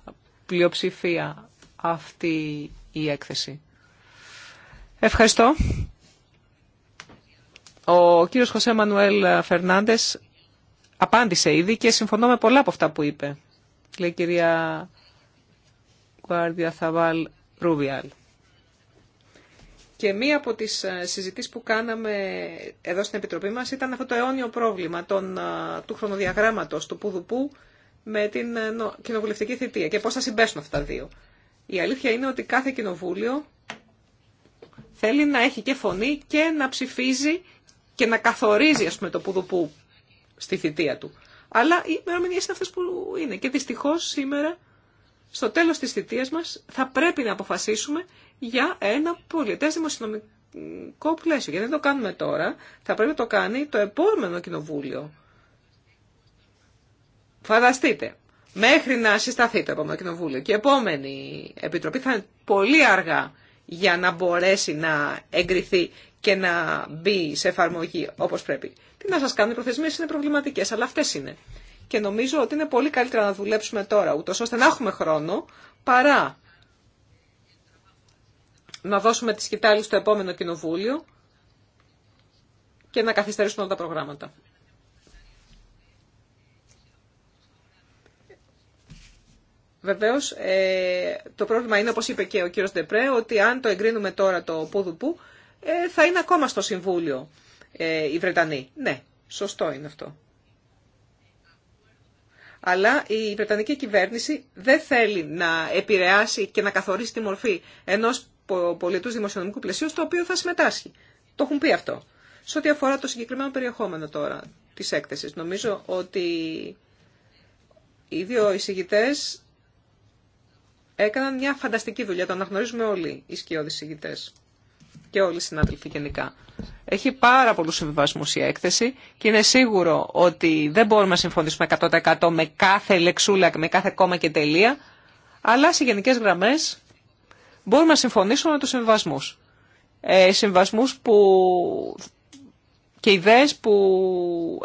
πλειοψηφία αυτή η έκθεση. Ευχαριστώ. Ο κύριος Χωσέ Μανουέλ Φερνάντες απάντησε ήδη και συμφωνώ με πολλά από αυτά που είπε. Λέει κυρία Βάρδια Θαβάλ Ρούβιαλ. Και μία από τις ε, συζητήσεις που κάναμε εδώ στην Επιτροπή μας ήταν αυτό το αιώνιο πρόβλημα των, ε, του χρονοδιαγράμματος του Πουδουπού με την ε, κοινοβουλευτική θητεία και πώς θα συμπέσουν αυτά τα δύο. Η αλήθεια είναι ότι κάθε κοινοβούλιο θέλει να έχει και φωνή και να ψηφίζει και να καθορίζει το Πουδουπού στη θητεία του. Αλλά οι ημερομηνίε είναι αυτέ που είναι. Και δυστυχώ σήμερα στο τέλος της θητεία μας θα πρέπει να αποφασίσουμε για ένα πολιτές δημοσιονομικό πλαίσιο. Γιατί δεν το κάνουμε τώρα, θα πρέπει να το κάνει το επόμενο κοινοβούλιο. Φανταστείτε, μέχρι να συσταθεί το επόμενο κοινοβούλιο και η επόμενη επιτροπή θα είναι πολύ αργά για να μπορέσει να εγκριθεί και να μπει σε εφαρμογή όπως πρέπει. Τι να σας κάνουν, οι προθεσμίες είναι προβληματικές, αλλά αυτές είναι και νομίζω ότι είναι πολύ καλύτερα να δουλέψουμε τώρα, ούτως ώστε να έχουμε χρόνο, παρά να δώσουμε τη σκητάλη στο επόμενο κοινοβούλιο και να καθυστερήσουμε όλα τα προγράμματα. Βεβαίως, ε, το πρόβλημα είναι, όπως είπε και ο κύριος Ντεπρέ, ότι αν το εγκρίνουμε τώρα το πουδουπού, ε, θα είναι ακόμα στο Συμβούλιο ε, οι Βρετανοί. Ναι, σωστό είναι αυτό. Αλλά η Βρετανική κυβέρνηση δεν θέλει να επηρεάσει και να καθορίσει τη μορφή ενός πολιτού δημοσιονομικού πλαισίου στο οποίο θα συμμετάσχει. Το έχουν πει αυτό. Σε ό,τι αφορά το συγκεκριμένο περιεχόμενο τώρα τη έκθεσης, νομίζω ότι οι δύο εισηγητέ έκαναν μια φανταστική δουλειά, το αναγνωρίζουμε όλοι οι σκιώδει εισηγητέ και όλοι οι συνάδελφοι γενικά. Έχει πάρα πολλού συμβιβασμού η έκθεση και είναι σίγουρο ότι δεν μπορούμε να συμφωνήσουμε 100% με κάθε λεξούλα, και με κάθε κόμμα και τελεία, αλλά σε γενικέ γραμμέ μπορούμε να συμφωνήσουμε με του συμβιβασμού Ε, συμβασμούς που και ιδέες που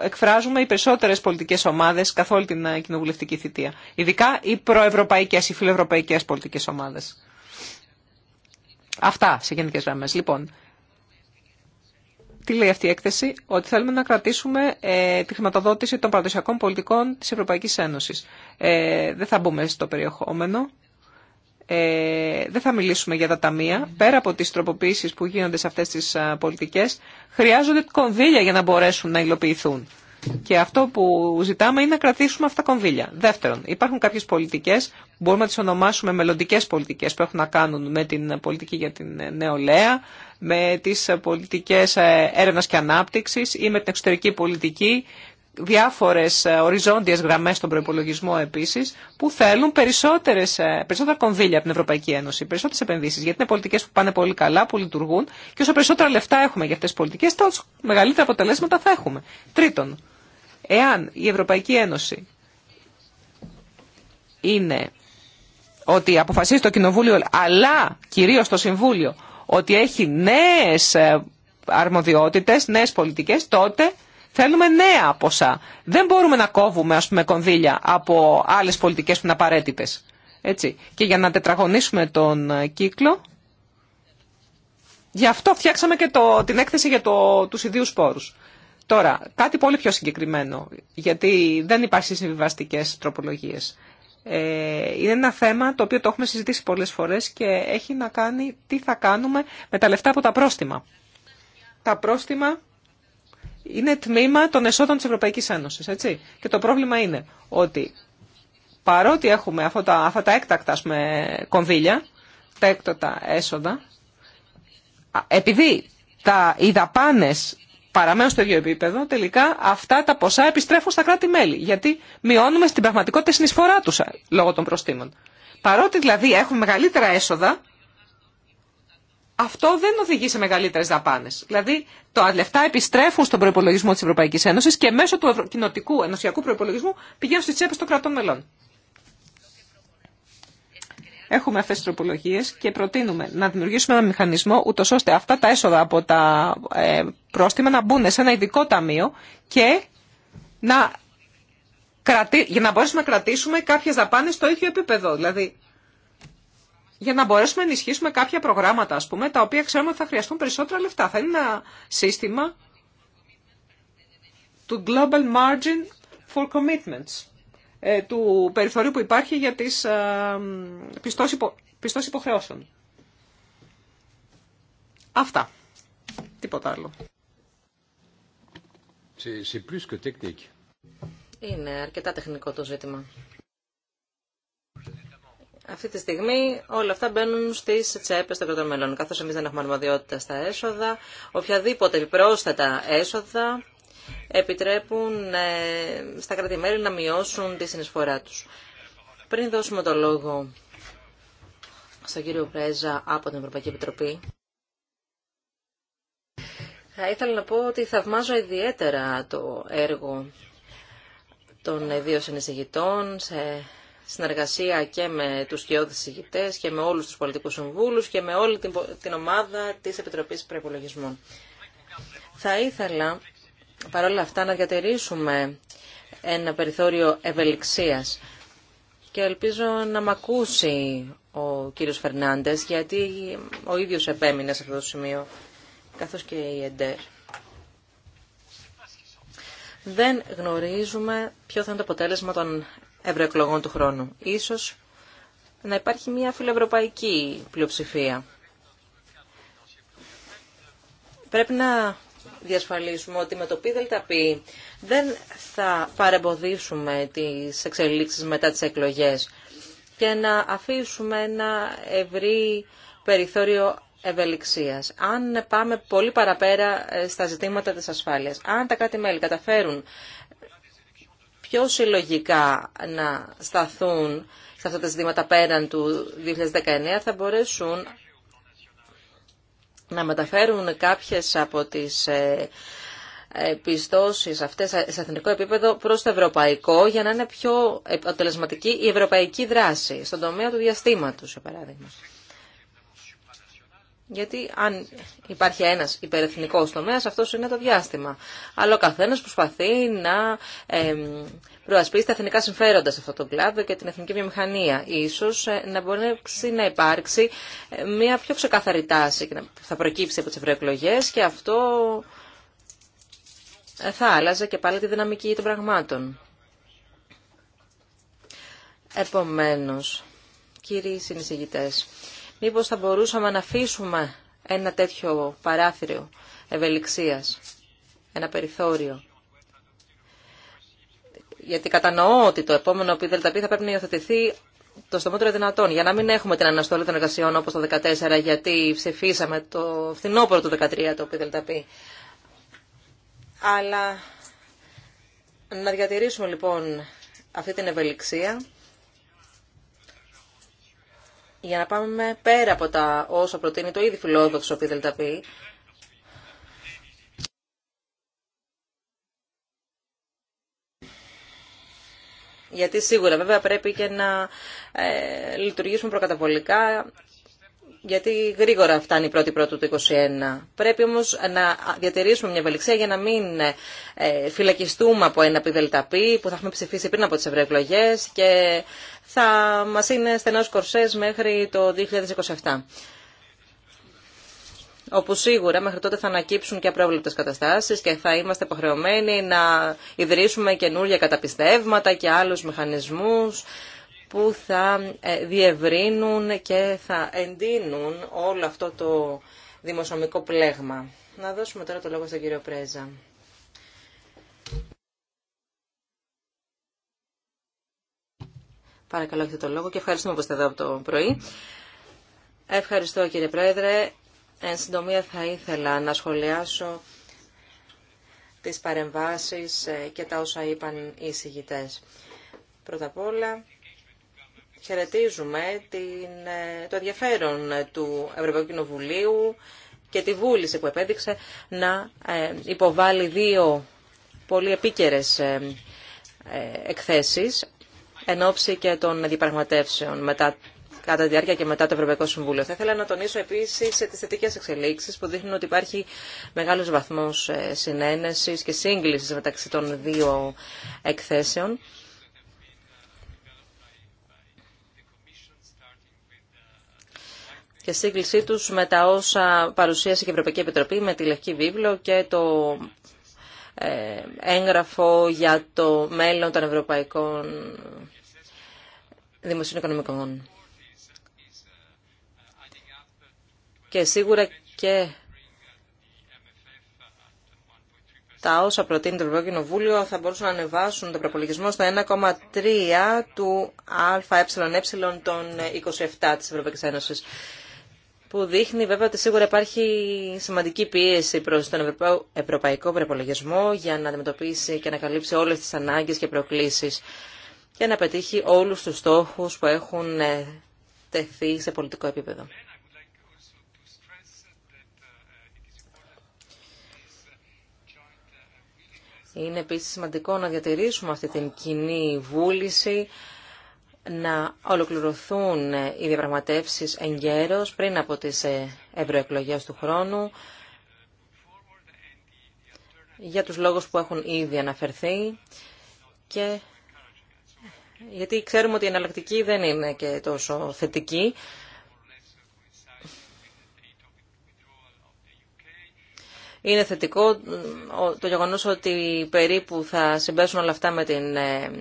εκφράζουμε οι περισσότερε πολιτικέ ομάδε καθ' όλη την ε, κοινοβουλευτική θητεία. Ειδικά οι προευρωπαϊκέ οι φιλοευρωπαϊκέ πολιτικέ ομάδε. Αυτά σε γενικέ γραμμέ. Λοιπόν, τι λέει αυτή η έκθεση, ότι θέλουμε να κρατήσουμε ε, τη χρηματοδότηση των παραδοσιακών πολιτικών της Ευρωπαϊκής Ένωσης. Ε, δεν θα μπούμε στο περιεχόμενο, ε, δεν θα μιλήσουμε για τα ταμεία. Πέρα από τις τροποποίησεις που γίνονται σε αυτές τις πολιτικές, χρειάζονται κονδύλια για να μπορέσουν να υλοποιηθούν. Και αυτό που ζητάμε είναι να κρατήσουμε αυτά τα κονδύλια. Δεύτερον, υπάρχουν κάποιε πολιτικέ που μπορούμε να τι ονομάσουμε μελλοντικέ πολιτικέ που έχουν να κάνουν με την πολιτική για την νεολαία, με τι πολιτικέ ε, έρευνα και ανάπτυξη ή με την εξωτερική πολιτική, διάφορε οριζόντιε γραμμέ στον προπολογισμό επίση, που θέλουν περισσότερες, ε, περισσότερα κονδύλια από την Ευρωπαϊκή Ένωση, περισσότερε επενδύσει. Γιατί είναι πολιτικέ που πάνε πολύ καλά, που λειτουργούν και όσο περισσότερα λεφτά έχουμε για αυτέ τι πολιτικέ, τόσο μεγαλύτερα αποτελέσματα θα έχουμε. Τρίτον, Εάν η Ευρωπαϊκή Ένωση είναι ότι αποφασίζει το Κοινοβούλιο, αλλά κυρίως το Συμβούλιο, ότι έχει νέες ε, αρμοδιότητες, νέες πολιτικές, τότε θέλουμε νέα ποσά. Δεν μπορούμε να κόβουμε, ας πούμε, κονδύλια από άλλες πολιτικές που είναι απαραίτητε. Έτσι. Και για να τετραγωνίσουμε τον ε, κύκλο, γι' αυτό φτιάξαμε και το, την έκθεση για το, τους ιδίους πόρους. Τώρα, κάτι πολύ πιο συγκεκριμένο, γιατί δεν υπάρχει συμβιβαστικέ τροπολογίε. Ε, είναι ένα θέμα το οποίο το έχουμε συζητήσει πολλές φορές και έχει να κάνει τι θα κάνουμε με τα λεφτά από τα πρόστιμα. Τα πρόστιμα είναι τμήμα των εσόδων της Ευρωπαϊκής Ένωσης, έτσι. Και το πρόβλημα είναι ότι παρότι έχουμε αυτά τα, αυτά έκτακτα κονδύλια, τα έκτακτα έσοδα, επειδή τα, οι παραμένουν στο ίδιο επίπεδο, τελικά αυτά τα ποσά επιστρέφουν στα κράτη-μέλη. Γιατί μειώνουμε στην πραγματικότητα τη συνεισφορά του λόγω των προστήμων. Παρότι δηλαδή έχουμε μεγαλύτερα έσοδα, αυτό δεν οδηγεί σε μεγαλύτερε δαπάνε. Δηλαδή, τα λεφτά επιστρέφουν στον προπολογισμό τη Ευρωπαϊκή Ένωση και μέσω του κοινοτικού ενωσιακού προπολογισμού πηγαίνουν στι τσέπε των κρατών μελών. Έχουμε αυτέ τι τροπολογίε και προτείνουμε να δημιουργήσουμε ένα μηχανισμό ούτω ώστε αυτά τα έσοδα από τα ε, πρόστιμα να μπουν σε ένα ειδικό ταμείο και να για να μπορέσουμε να κρατήσουμε κάποιε δαπάνε στο ίδιο επίπεδο. Δηλαδή, για να μπορέσουμε να ενισχύσουμε κάποια προγράμματα, ας πούμε, τα οποία ξέρουμε ότι θα χρειαστούν περισσότερα λεφτά. Θα είναι ένα σύστημα του Global Margin for Commitments. Ε, του περιθωρίου που υπάρχει για τις ε, πιστώσεις υποχρεώσεων. Αυτά. Τίποτα άλλο. Είναι αρκετά τεχνικό το ζήτημα. Αυτή τη στιγμή όλα αυτά μπαίνουν στι τσέπε των κρατών μελών. Καθώ εμεί δεν έχουμε αρμοδιότητα στα έσοδα, οποιαδήποτε επιπρόσθετα έσοδα επιτρέπουν ε, στα κρατημέλη να μειώσουν τη συνεισφορά τους. Πριν δώσουμε το λόγο στον κύριο Πρέζα από την Ευρωπαϊκή Επιτροπή, θα ήθελα να πω ότι θαυμάζω ιδιαίτερα το έργο των δύο συνεισηγητών σε συνεργασία και με τους κοιόδης συγητές και με όλους τους πολιτικούς συμβούλους και με όλη την ομάδα της Επιτροπής Προπολογισμών. Θα ήθελα παρόλα αυτά να διατηρήσουμε ένα περιθώριο ευελιξίας. Και ελπίζω να μ' ακούσει ο κύριος Φερνάντες, γιατί ο ίδιος επέμεινε σε αυτό το σημείο, καθώς και η ΕΝΤΕΡ. Δεν γνωρίζουμε ποιο θα είναι το αποτέλεσμα των ευρωεκλογών του χρόνου. Ίσως να υπάρχει μια φιλοευρωπαϊκή πλειοψηφία. Πρέπει να διασφαλίσουμε ότι με το ΠΔΠ δεν θα παρεμποδίσουμε τις εξελίξεις μετά τις εκλογές και να αφήσουμε ένα ευρύ περιθώριο ευελιξίας. Αν πάμε πολύ παραπέρα ε, στα ζητήματα της ασφάλειας, αν τα κάτι μελη καταφέρουν πιο συλλογικά να σταθούν σε αυτά τα ζητήματα πέραν του 2019, θα μπορέσουν να μεταφέρουν κάποιες από τις ε, ε, πιστώσεις αυτές σε εθνικό επίπεδο προς το ευρωπαϊκό για να είναι πιο ε, αποτελεσματική η ευρωπαϊκή δράση στον τομέα του διαστήματος, για παράδειγμα. Γιατί αν υπάρχει ένας υπερεθνικός τομέα, αυτό είναι το διάστημα. Αλλά ο καθένα προσπαθεί να ε, προασπίσει τα εθνικά συμφέροντα σε αυτό το κλάδο και την εθνική βιομηχανία. Ίσως ε, να μπορέσει να υπάρξει ε, μια πιο ξεκαθαρή τάση που θα προκύψει από τις ευρωεκλογέ και αυτό ε, θα άλλαζε και πάλι τη δυναμική των πραγμάτων. Επομένως, κύριοι συνεισηγητές, μήπως θα μπορούσαμε να αφήσουμε ένα τέτοιο παράθυρο ευελιξίας, ένα περιθώριο. Γιατί κατανοώ ότι το επόμενο ΠΔΠ θα πρέπει να υιοθετηθεί το στομότερο δυνατόν, για να μην έχουμε την αναστολή των εργασιών όπως το 2014, γιατί ψηφίσαμε το φθινόπωρο του 2013 το ΠΔΠ. Αλλά να διατηρήσουμε λοιπόν αυτή την ευελιξία για να πάμε πέρα από τα όσα προτείνει το ήδη φιλόδοξο ΠΔΠ, γιατί σίγουρα βέβαια πρέπει και να ε, λειτουργήσουμε προκαταβολικά γιατί γρήγορα φτάνει η πρώτη πρώτου του 2021. Πρέπει όμως να διατηρήσουμε μια ευελιξία για να μην ε, φυλακιστούμε από ένα πιδελταπή που θα έχουμε ψηφίσει πριν από τις ευρωεκλογέ και θα μας είναι στενός κορσές μέχρι το 2027 όπου σίγουρα μέχρι τότε θα ανακύψουν και απρόβλεπτες καταστάσεις και θα είμαστε υποχρεωμένοι να ιδρύσουμε καινούργια καταπιστεύματα και άλλους μηχανισμούς που θα ε, διευρύνουν και θα εντείνουν όλο αυτό το δημοσιομικό πλέγμα. Να δώσουμε τώρα το λόγο στον κύριο Πρέζα. Παρακαλώ, έχετε το λόγο και ευχαριστούμε που είστε εδώ από το πρωί. Ευχαριστώ κύριε Πρόεδρε. Εν συντομία θα ήθελα να σχολιάσω τις παρεμβάσεις ε, και τα όσα είπαν οι συγητές. Πρώτα απ' όλα, Χαιρετίζουμε ε, το ενδιαφέρον του Ευρωπαϊκού Κοινοβουλίου και τη βούληση που επέδειξε να ε, υποβάλει δύο πολύ επίκαιρες ε, εκθέσεις εν ώψη και των διαπραγματεύσεων μετά κατά τη διάρκεια και μετά το Ευρωπαϊκό Συμβούλιο. Θα ήθελα να τονίσω επίση τι θετικέ εξελίξει που δείχνουν ότι υπάρχει μεγάλο βαθμό συνένεση και σύγκληση μεταξύ των δύο εκθέσεων. και σύγκλησή του με τα όσα παρουσίασε και η Ευρωπαϊκή Επιτροπή με τη Λευκή Βίβλο και το ε, έγγραφο για το μέλλον των ευρωπαϊκών δημοσίων οικονομικών. Και σίγουρα και τα όσα προτείνει το Ευρωπαϊκό Κοινοβούλιο θα μπορούσαν να ανεβάσουν τον προπολογισμό στο 1,3 του ΑΕΕ ε των 27 της Ευρωπαϊκής Ένωσης που δείχνει βέβαια ότι σίγουρα υπάρχει σημαντική πίεση προς τον ευρωπαϊκό προπολογισμό για να αντιμετωπίσει και να καλύψει όλες τις ανάγκες και προκλήσεις και να πετύχει όλους τους στόχους που έχουν ε, τεθεί σε πολιτικό επίπεδο. Είναι επίσης σημαντικό να διατηρήσουμε αυτή την κοινή βούληση να ολοκληρωθούν οι διαπραγματεύσεις εν γέρος πριν από τις ε, ευρωεκλογέ του χρόνου για τους λόγους που έχουν ήδη αναφερθεί και γιατί ξέρουμε ότι η εναλλακτική δεν είναι και τόσο θετική. Είναι θετικό ε, το γεγονός ότι περίπου θα συμπέσουν όλα αυτά με την ε,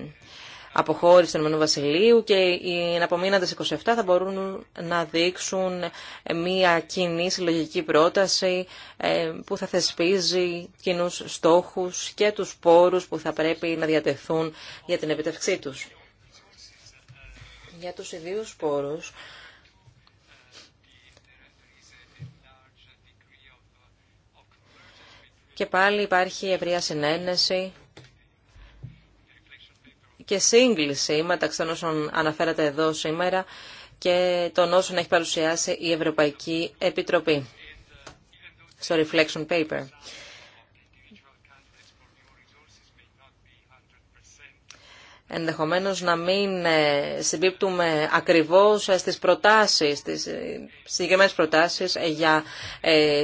αποχώρηση του Ηνωμένου Βασιλείου και οι εναπομείναντες 27 θα μπορούν να δείξουν μια κοινή συλλογική πρόταση ε, που θα θεσπίζει κοινού στόχους και τους πόρους που θα πρέπει να διατεθούν για την επιτευξή τους. Για τους ιδίους πόρους, Και πάλι υπάρχει ευρεία συνένεση και σύγκληση μεταξύ των όσων αναφέρατε εδώ σήμερα και των όσων έχει παρουσιάσει η Ευρωπαϊκή Επιτροπή στο Reflection Paper. ενδεχομένως να μην ε, συμπίπτουμε ακριβώς ε, στις προτάσεις, στις ε, συγκεκριμένες προτάσεις για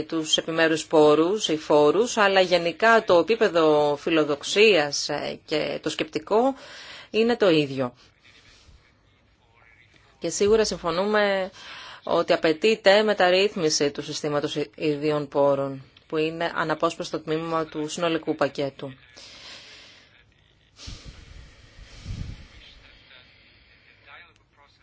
τους επιμέρους πόρους ή φόρους, αλλά γενικά το επίπεδο φιλοδοξίας και το σκεπτικό είναι το ίδιο. Και σίγουρα συμφωνούμε ότι απαιτείται μεταρρύθμιση του συστήματος ιδίων πόρων, που είναι αναπόσπαστο τμήμα του συνολικού πακέτου.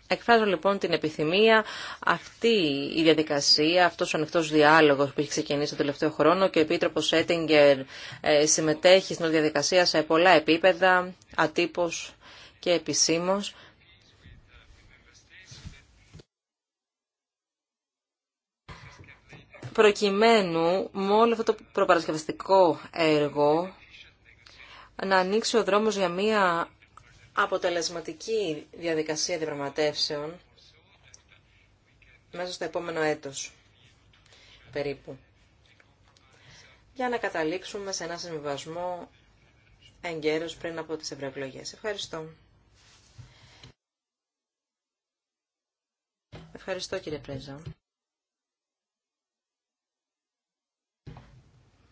Εκφράζω λοιπόν την επιθυμία αυτή η διαδικασία, αυτός ο ανοιχτός διάλογος που έχει ξεκινήσει το τελευταίο χρόνο και ο Επίτροπος Σέτιγκερ ε, συμμετέχει στην διαδικασία σε πολλά επίπεδα, ατύπως και επισήμως. προκειμένου με όλο αυτό το προπαρασκευαστικό έργο να ανοίξει ο δρόμος για μια αποτελεσματική διαδικασία διαπραγματεύσεων μέσα στο επόμενο έτος περίπου για να καταλήξουμε σε ένα συμβιβασμό εγκαίρως πριν από τις ευρωεκλογέ. Ευχαριστώ. Ευχαριστώ κύριε Πρέζα.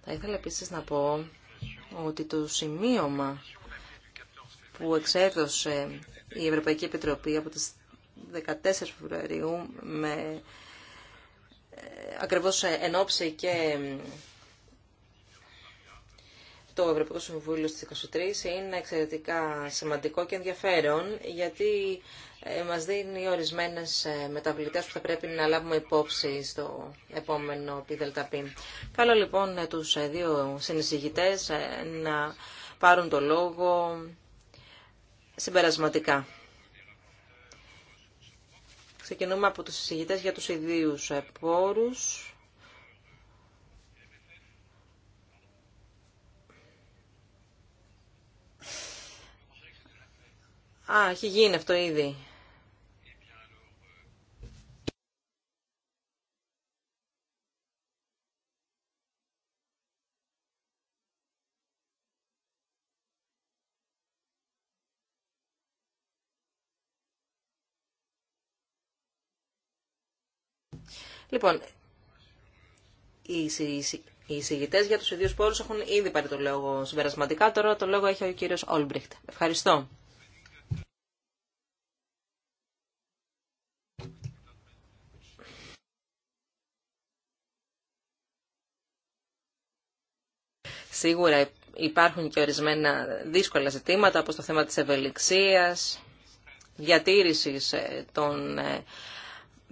Θα ήθελα επίσης να πω ότι το σημείωμα που εξέδωσε η Ευρωπαϊκή Επιτροπή από τις 14 Φεβρουαρίου με ε, ακριβώς εν ώψη και το Ευρωπαϊκό Συμβούλιο στις 23 είναι εξαιρετικά σημαντικό και ενδιαφέρον γιατί ε, μας δίνει ορισμένες ε, μεταβλητές που θα πρέπει να λάβουμε υπόψη στο επόμενο ΠΔΠ. Καλό λοιπόν τους δύο συνεισηγητές να πάρουν το λόγο συμπερασματικά. Ξεκινούμε από τους συζητητές για τους ιδίους επόρους. Α, έχει γίνει αυτό ήδη. Λοιπόν, οι εισηγητέ για του ιδίου πόρου έχουν ήδη πάρει το λόγο συμπερασματικά. Τώρα το λόγο έχει ο κύριο Όλμπριχτ. Ευχαριστώ. Σίγουρα υπάρχουν και ορισμένα δύσκολα ζητήματα, όπως το θέμα της ευελιξίας, διατήρησης ε, των ε,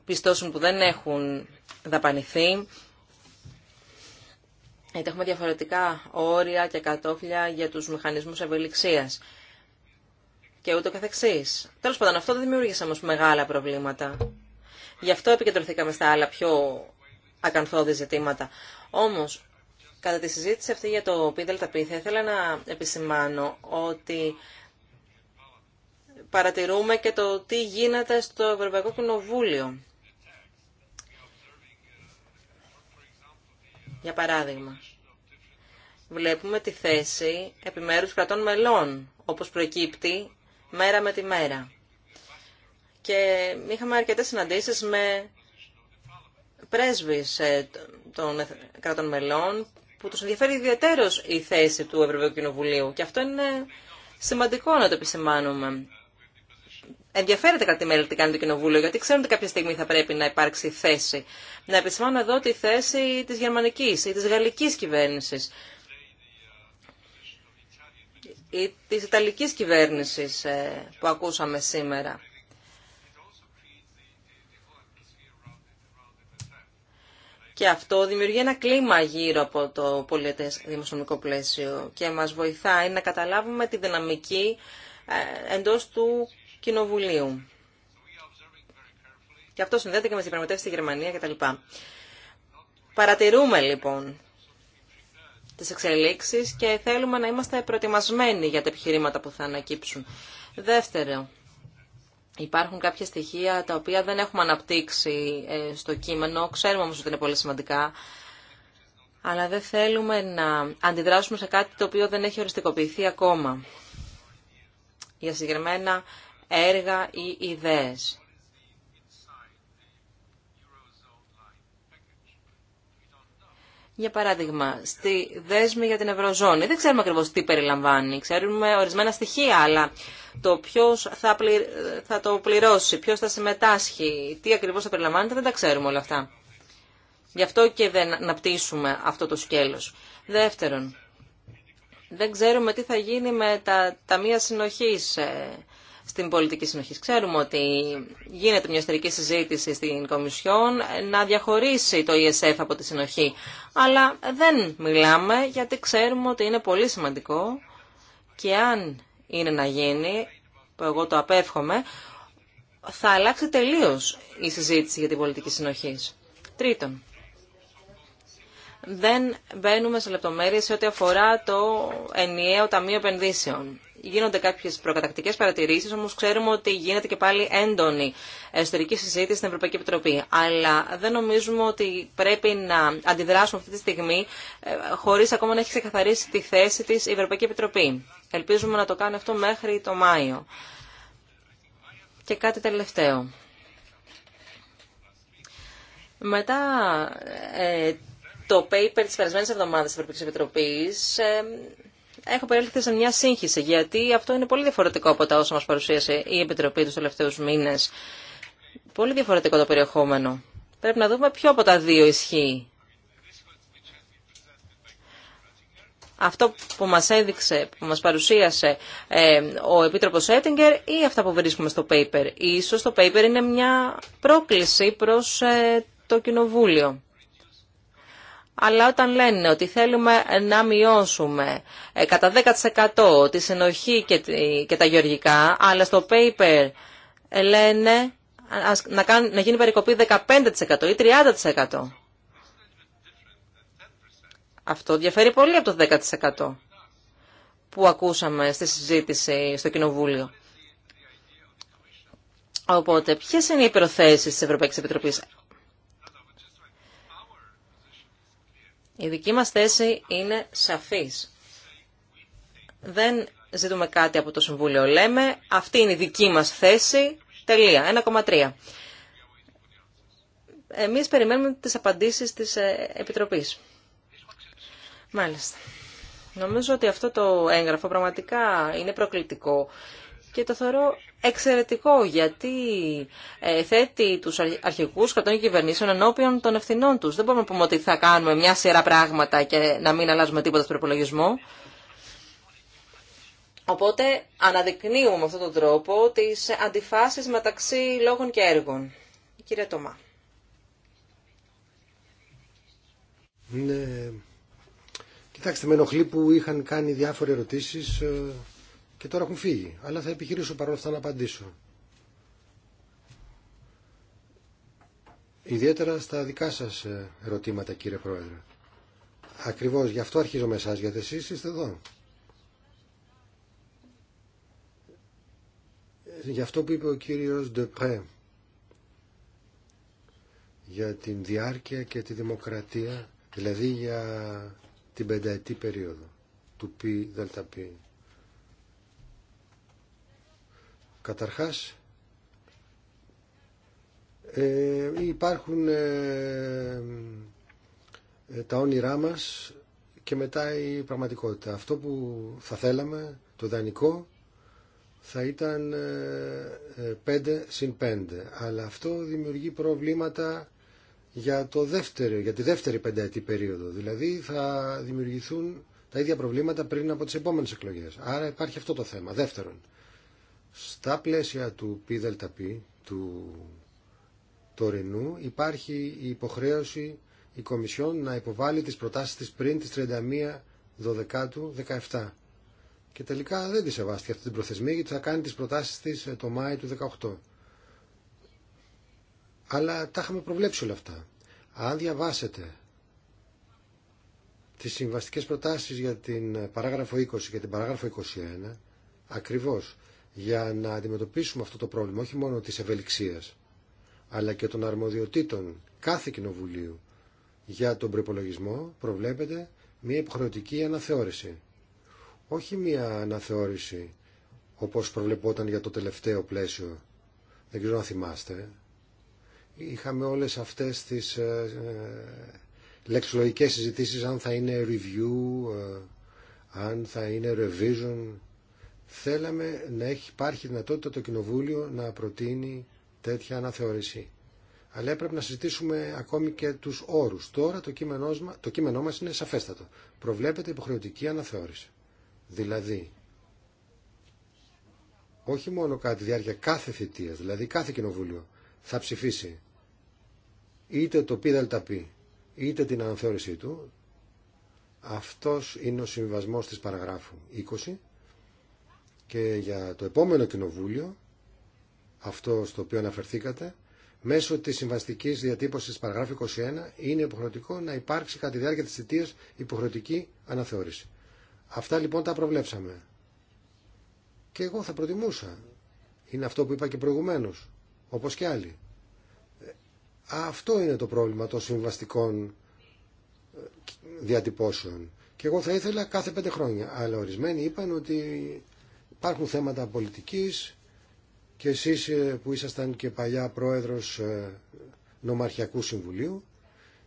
πιστώσουν που δεν έχουν δαπανηθεί. Γιατί έχουμε διαφορετικά όρια και κατόφλια για τους μηχανισμούς ευελιξίας και ούτω καθεξής. Τέλος πάντων, αυτό δεν δημιούργησε όμως μεγάλα προβλήματα. Γι' αυτό επικεντρωθήκαμε στα άλλα πιο ακαθόδη ζητήματα. Όμως, κατά τη συζήτηση αυτή για το ΠΔΠ θα ήθελα να επισημάνω ότι παρατηρούμε και το τι γίνεται στο Ευρωπαϊκό Κοινοβούλιο. Για παράδειγμα, βλέπουμε τη θέση επιμέρους κρατών μελών, όπως προκύπτει μέρα με τη μέρα. Και είχαμε αρκετές συναντήσεις με πρέσβεις ε, των κρατών μελών που τους ενδιαφέρει ιδιαίτερως η θέση του Ευρωπαϊκού Κοινοβουλίου. Και αυτό είναι σημαντικό να το επισημάνουμε ενδιαφέρεται κατά τη μέλη τι κάνει το Κοινοβούλιο, γιατί ξέρουν ότι κάποια στιγμή θα πρέπει να υπάρξει θέση. Να επισημάνω εδώ τη θέση της γερμανικής ή της γαλλικής κυβέρνησης ή της ιταλικής κυβέρνησης ε, που ακούσαμε σήμερα. Και αυτό δημιουργεί ένα κλίμα γύρω από το πολιτές δημοσιονομικό πλαίσιο και μας βοηθάει να καταλάβουμε τη δυναμική ε, εντός του Κοινοβουλίου. Και αυτό συνδέεται και με τι διαπραγματεύσει στη Γερμανία κτλ. Παρατηρούμε λοιπόν τι εξελίξει και θέλουμε να είμαστε προετοιμασμένοι για τα επιχειρήματα που θα ανακύψουν. Δεύτερο, υπάρχουν κάποια στοιχεία τα οποία δεν έχουμε αναπτύξει ε, στο κείμενο, ξέρουμε όμω ότι είναι πολύ σημαντικά, αλλά δεν θέλουμε να αντιδράσουμε σε κάτι το οποίο δεν έχει οριστικοποιηθεί ακόμα. Για συγκεκριμένα έργα ή ιδέες. Για παράδειγμα, στη δέσμη για την Ευρωζώνη. Δεν ξέρουμε ακριβώς τι περιλαμβάνει. Ξέρουμε ορισμένα στοιχεία, αλλά το ποιος θα, θα το πληρώσει, ποιος θα συμμετάσχει, τι ακριβώς θα περιλαμβάνεται, δεν τα ξέρουμε όλα αυτά. Γι' αυτό και δεν αναπτύσσουμε αυτό το σκέλος. Δεύτερον, δεν ξέρουμε τι θα γίνει με τα ταμεία συνοχής. Ε, στην πολιτική συνοχή. Ξέρουμε ότι γίνεται μια εσωτερική συζήτηση στην Κομισιόν να διαχωρίσει το ESF από τη συνοχή. Αλλά δεν μιλάμε γιατί ξέρουμε ότι είναι πολύ σημαντικό και αν είναι να γίνει, που εγώ το απέφχομαι, θα αλλάξει τελείως η συζήτηση για την πολιτική συνοχή. Τρίτον, δεν μπαίνουμε σε λεπτομέρειες σε ό,τι αφορά το ενιαίο Ταμείο Επενδύσεων. Γίνονται κάποιες προκατακτικές παρατηρήσεις, όμως ξέρουμε ότι γίνεται και πάλι έντονη εσωτερική συζήτηση στην Ευρωπαϊκή Επιτροπή. Αλλά δεν νομίζουμε ότι πρέπει να αντιδράσουμε αυτή τη στιγμή ε, χωρίς ακόμα να έχει ξεκαθαρίσει τη θέση της η Ευρωπαϊκή Επιτροπή. Ελπίζουμε να το κάνει αυτό μέχρι το Μάιο. Και κάτι τελευταίο. Μετά ε, το paper της περασμένης εβδομάδας της Ευρωπαϊκής Επιτροπής ε, έχω περιέλθει σε μια σύγχυση, γιατί αυτό είναι πολύ διαφορετικό από τα όσα μα παρουσίασε η Επιτροπή του τελευταίου μήνε. Πολύ διαφορετικό το περιεχόμενο. Πρέπει να δούμε ποιο από τα δύο ισχύει. Αυτό που μας έδειξε, που μας παρουσίασε ε, ο Επίτροπος Έτιγκερ ή αυτά που βρίσκουμε στο paper. Ίσως το paper είναι μια πρόκληση προς ε, το Κοινοβούλιο αλλά όταν λένε ότι θέλουμε να μειώσουμε ε, κατά 10% τη συνοχή και τα γεωργικά, αλλά στο paper ε, λένε να γίνει περικοπή 15% ή 30%. Αυτό διαφέρει πολύ από το 10% που ακούσαμε στη συζήτηση στο Κοινοβούλιο. Οπότε, ποιες είναι οι προθέσεις τη Ευρωπαϊκή Επιτροπή. Η δική μας θέση είναι σαφής. Δεν ζητούμε κάτι από το Συμβούλιο. Λέμε, αυτή είναι η δική μας θέση, τελεία, 1,3. Εμείς περιμένουμε τις απαντήσεις της ε, Επιτροπής. Μάλιστα. Νομίζω ότι αυτό το έγγραφο πραγματικά είναι προκλητικό και το θεωρώ εξαιρετικό γιατί ε, θέτει τους αρχικούς κρατών και κυβερνήσεων ενώπιον των ευθυνών τους. Δεν μπορούμε να πούμε ότι θα κάνουμε μια σειρά πράγματα και να μην αλλάζουμε τίποτα στον προπολογισμό. Οπότε αναδεικνύουμε με αυτόν τον τρόπο τις αντιφάσεις μεταξύ λόγων και έργων. Κύριε Τωμά. Ναι. Κοιτάξτε, με ενοχλεί που είχαν κάνει διάφορες ερωτήσεις ε, και τώρα έχουν φύγει, αλλά θα επιχειρήσω παρόλα αυτά να απαντήσω. Ιδιαίτερα στα δικά σας ε, ερωτήματα κύριε Πρόεδρε. Ακριβώς γι' αυτό αρχίζω με εσάς, γιατί εσείς είστε εδώ. Ε, γι' αυτό που είπε ο κύριος Ντεπρέ για την διάρκεια και τη δημοκρατία, δηλαδή για την πενταετή περίοδο του ΠΔΠ. Καταρχάς, ε, υπάρχουν ε, ε, τα όνειρά μας και μετά η πραγματικότητα. Αυτό που θα θέλαμε, το δανεικό, θα ήταν 5 ε, συν 5. Αλλά αυτό δημιουργεί προβλήματα για, το δεύτερο, για τη δεύτερη πενταετή περίοδο. Δηλαδή θα δημιουργηθούν τα ίδια προβλήματα πριν από τις επόμενες εκλογές. Άρα υπάρχει αυτό το θέμα. Δεύτερον, στα πλαίσια του ΠΔΠ, του τωρινού, υπάρχει η υποχρέωση η Κομισιόν να υποβάλει τις προτάσεις της πριν τις 31 12 17. Και τελικά δεν τη σεβάστηκε αυτή την προθεσμία γιατί θα κάνει τις προτάσεις της ε, το Μάη του 18. Αλλά τα είχαμε προβλέψει όλα αυτά. Αν διαβάσετε τις συμβαστικές προτάσεις για την παράγραφο 20 και την παράγραφο 21, ακριβώς για να αντιμετωπίσουμε αυτό το πρόβλημα, όχι μόνο της ευελιξίας, αλλά και των αρμοδιοτήτων κάθε κοινοβουλίου για τον προπολογισμό, προβλέπεται μια υποχρεωτική αναθεώρηση. Όχι μια αναθεώρηση όπως προβλεπόταν για το τελευταίο πλαίσιο. Δεν ξέρω να θυμάστε. Είχαμε όλες αυτές τις ε, ε, λεξιλογικές συζητήσεις αν θα είναι review, ε, αν θα είναι revision θέλαμε να έχει, υπάρχει δυνατότητα το Κοινοβούλιο να προτείνει τέτοια αναθεώρηση. Αλλά έπρεπε να συζητήσουμε ακόμη και τους όρους. Τώρα το κείμενό, το κείμενό μας είναι σαφέστατο. Προβλέπεται υποχρεωτική αναθεώρηση. Δηλαδή, όχι μόνο κατά τη διάρκεια κάθε θητείας, δηλαδή κάθε κοινοβούλιο, θα ψηφίσει είτε το ΠΔΠ, είτε την αναθεώρησή του, αυτός είναι ο συμβιβασμός της παραγράφου 20, και για το επόμενο κοινοβούλιο, αυτό στο οποίο αναφερθήκατε, μέσω της συμβαστικής διατύπωσης παραγράφου 21 είναι υποχρεωτικό να υπάρξει κατά τη διάρκεια της θητείας υποχρεωτική αναθεώρηση. Αυτά λοιπόν τα προβλέψαμε. Και εγώ θα προτιμούσα. Είναι αυτό που είπα και προηγουμένως, όπως και άλλοι. Αυτό είναι το πρόβλημα των συμβαστικών ε, διατυπώσεων. Και εγώ θα ήθελα κάθε πέντε χρόνια. Αλλά ορισμένοι είπαν ότι Υπάρχουν θέματα πολιτικής και εσείς ε, που ήσασταν και παλιά πρόεδρος ε, νομαρχιακού συμβουλίου.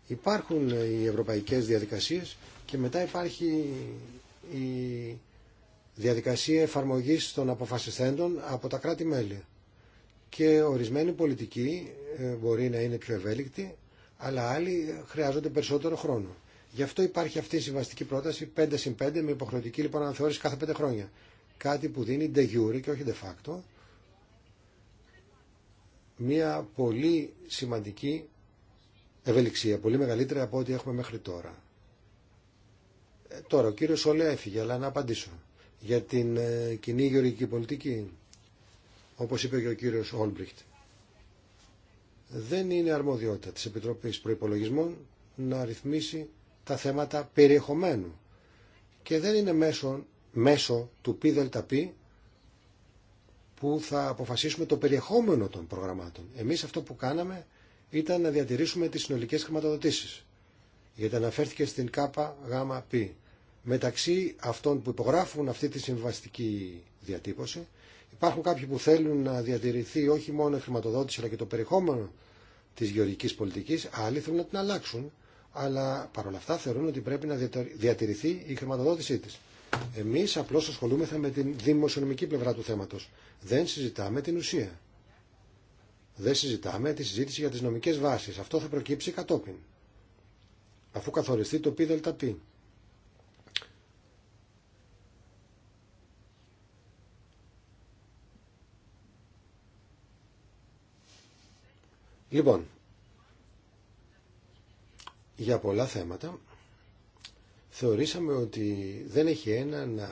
Υπάρχουν ε, οι ευρωπαϊκές διαδικασίες και μετά υπάρχει η διαδικασία εφαρμογής των αποφασιστέντων από τα κράτη-μέλη. Και ορισμένη πολιτικοί μπορεί να είναι πιο ευέλικτη, αλλά άλλοι χρειάζονται περισσότερο χρόνο. Γι' αυτό υπάρχει αυτή η συμβαστική πρόταση 5 5 με υποχρεωτική λοιπόν αναθεώρηση κάθε 5 χρόνια κάτι που δίνει de jure και όχι de facto μια πολύ σημαντική ευελιξία, πολύ μεγαλύτερη από ό,τι έχουμε μέχρι τώρα. Ε, τώρα, ο κύριος Σόλε έφυγε, αλλά να απαντήσω. Για την ε, κοινή γεωργική πολιτική, όπως είπε και ο κύριος Όλμπριχτ, δεν είναι αρμοδιότητα της Επιτροπής Προϋπολογισμών να ρυθμίσει τα θέματα περιεχομένου. Και δεν είναι μέσον μέσω του ΠΔΠ που θα αποφασίσουμε το περιεχόμενο των προγραμμάτων. Εμείς αυτό που κάναμε ήταν να διατηρήσουμε τις συνολικές χρηματοδοτήσεις. Γιατί αναφέρθηκε στην ΚΓΠ. Μεταξύ αυτών που υπογράφουν αυτή τη συμβαστική διατύπωση υπάρχουν κάποιοι που θέλουν να διατηρηθεί όχι μόνο η χρηματοδότηση αλλά και το περιεχόμενο της γεωργικής πολιτικής, άλλοι θέλουν να την αλλάξουν, αλλά παρόλα αυτά θεωρούν ότι πρέπει να διατηρηθεί η χρηματοδότησή της. Εμείς απλώς ασχολούμεθα με την δημοσιονομική πλευρά του θέματος. Δεν συζητάμε την ουσία. Δεν συζητάμε τη συζήτηση για τις νομικέ βάσεις. Αυτό θα προκύψει κατόπιν. Αφού καθοριστεί το πι δελτα πι. Λοιπόν, για πολλά θέματα θεωρήσαμε ότι δεν έχει ένα να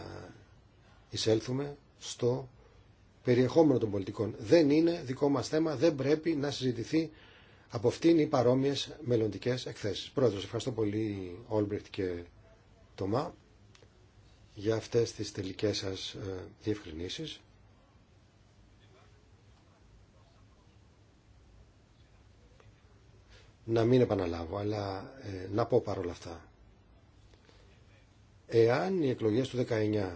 εισέλθουμε στο περιεχόμενο των πολιτικών. Δεν είναι δικό μας θέμα, δεν πρέπει να συζητηθεί από αυτήν οι παρόμοιες μελλοντικέ εκθέσεις. Πρόεδρος, ευχαριστώ πολύ Όλμπριχτ και Τομά για αυτές τις τελικές σας ε, διευκρινήσεις. Να μην επαναλάβω, αλλά ε, να πω παρόλα αυτά Εάν οι εκλογές του 19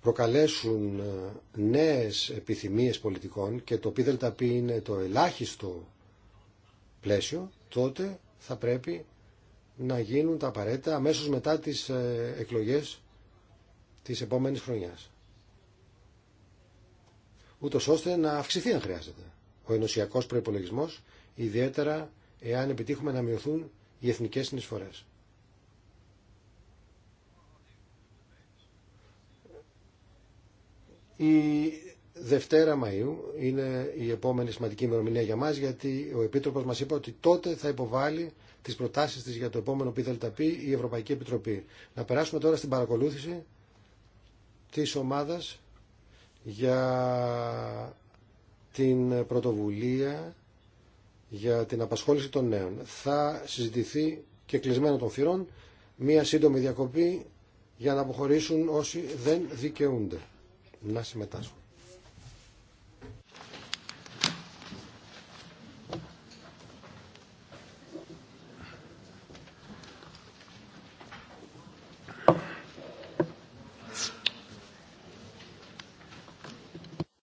προκαλέσουν ε, νέες επιθυμίες πολιτικών και το ΠΔΠ είναι το ελάχιστο πλαίσιο, τότε θα πρέπει να γίνουν τα απαραίτητα αμέσως μετά τις ε, εκλογές της επόμενης χρονιάς. Ούτως ώστε να αυξηθεί αν χρειάζεται ο ενωσιακός προϋπολογισμός, ιδιαίτερα εάν επιτύχουμε να μειωθούν οι εθνικές συνεισφορές. Η Δευτέρα Μαΐου είναι η επόμενη σημαντική ημερομηνία για μας γιατί ο Επίτροπος μας είπε ότι τότε θα υποβάλει τις προτάσεις της για το επόμενο πει η Ευρωπαϊκή Επιτροπή. Να περάσουμε τώρα στην παρακολούθηση της ομάδας για την πρωτοβουλία για την απασχόληση των νέων. Θα συζητηθεί και κλεισμένο των θυρών μία σύντομη διακοπή για να αποχωρήσουν όσοι δεν δικαιούνται να συμμετάσχουν.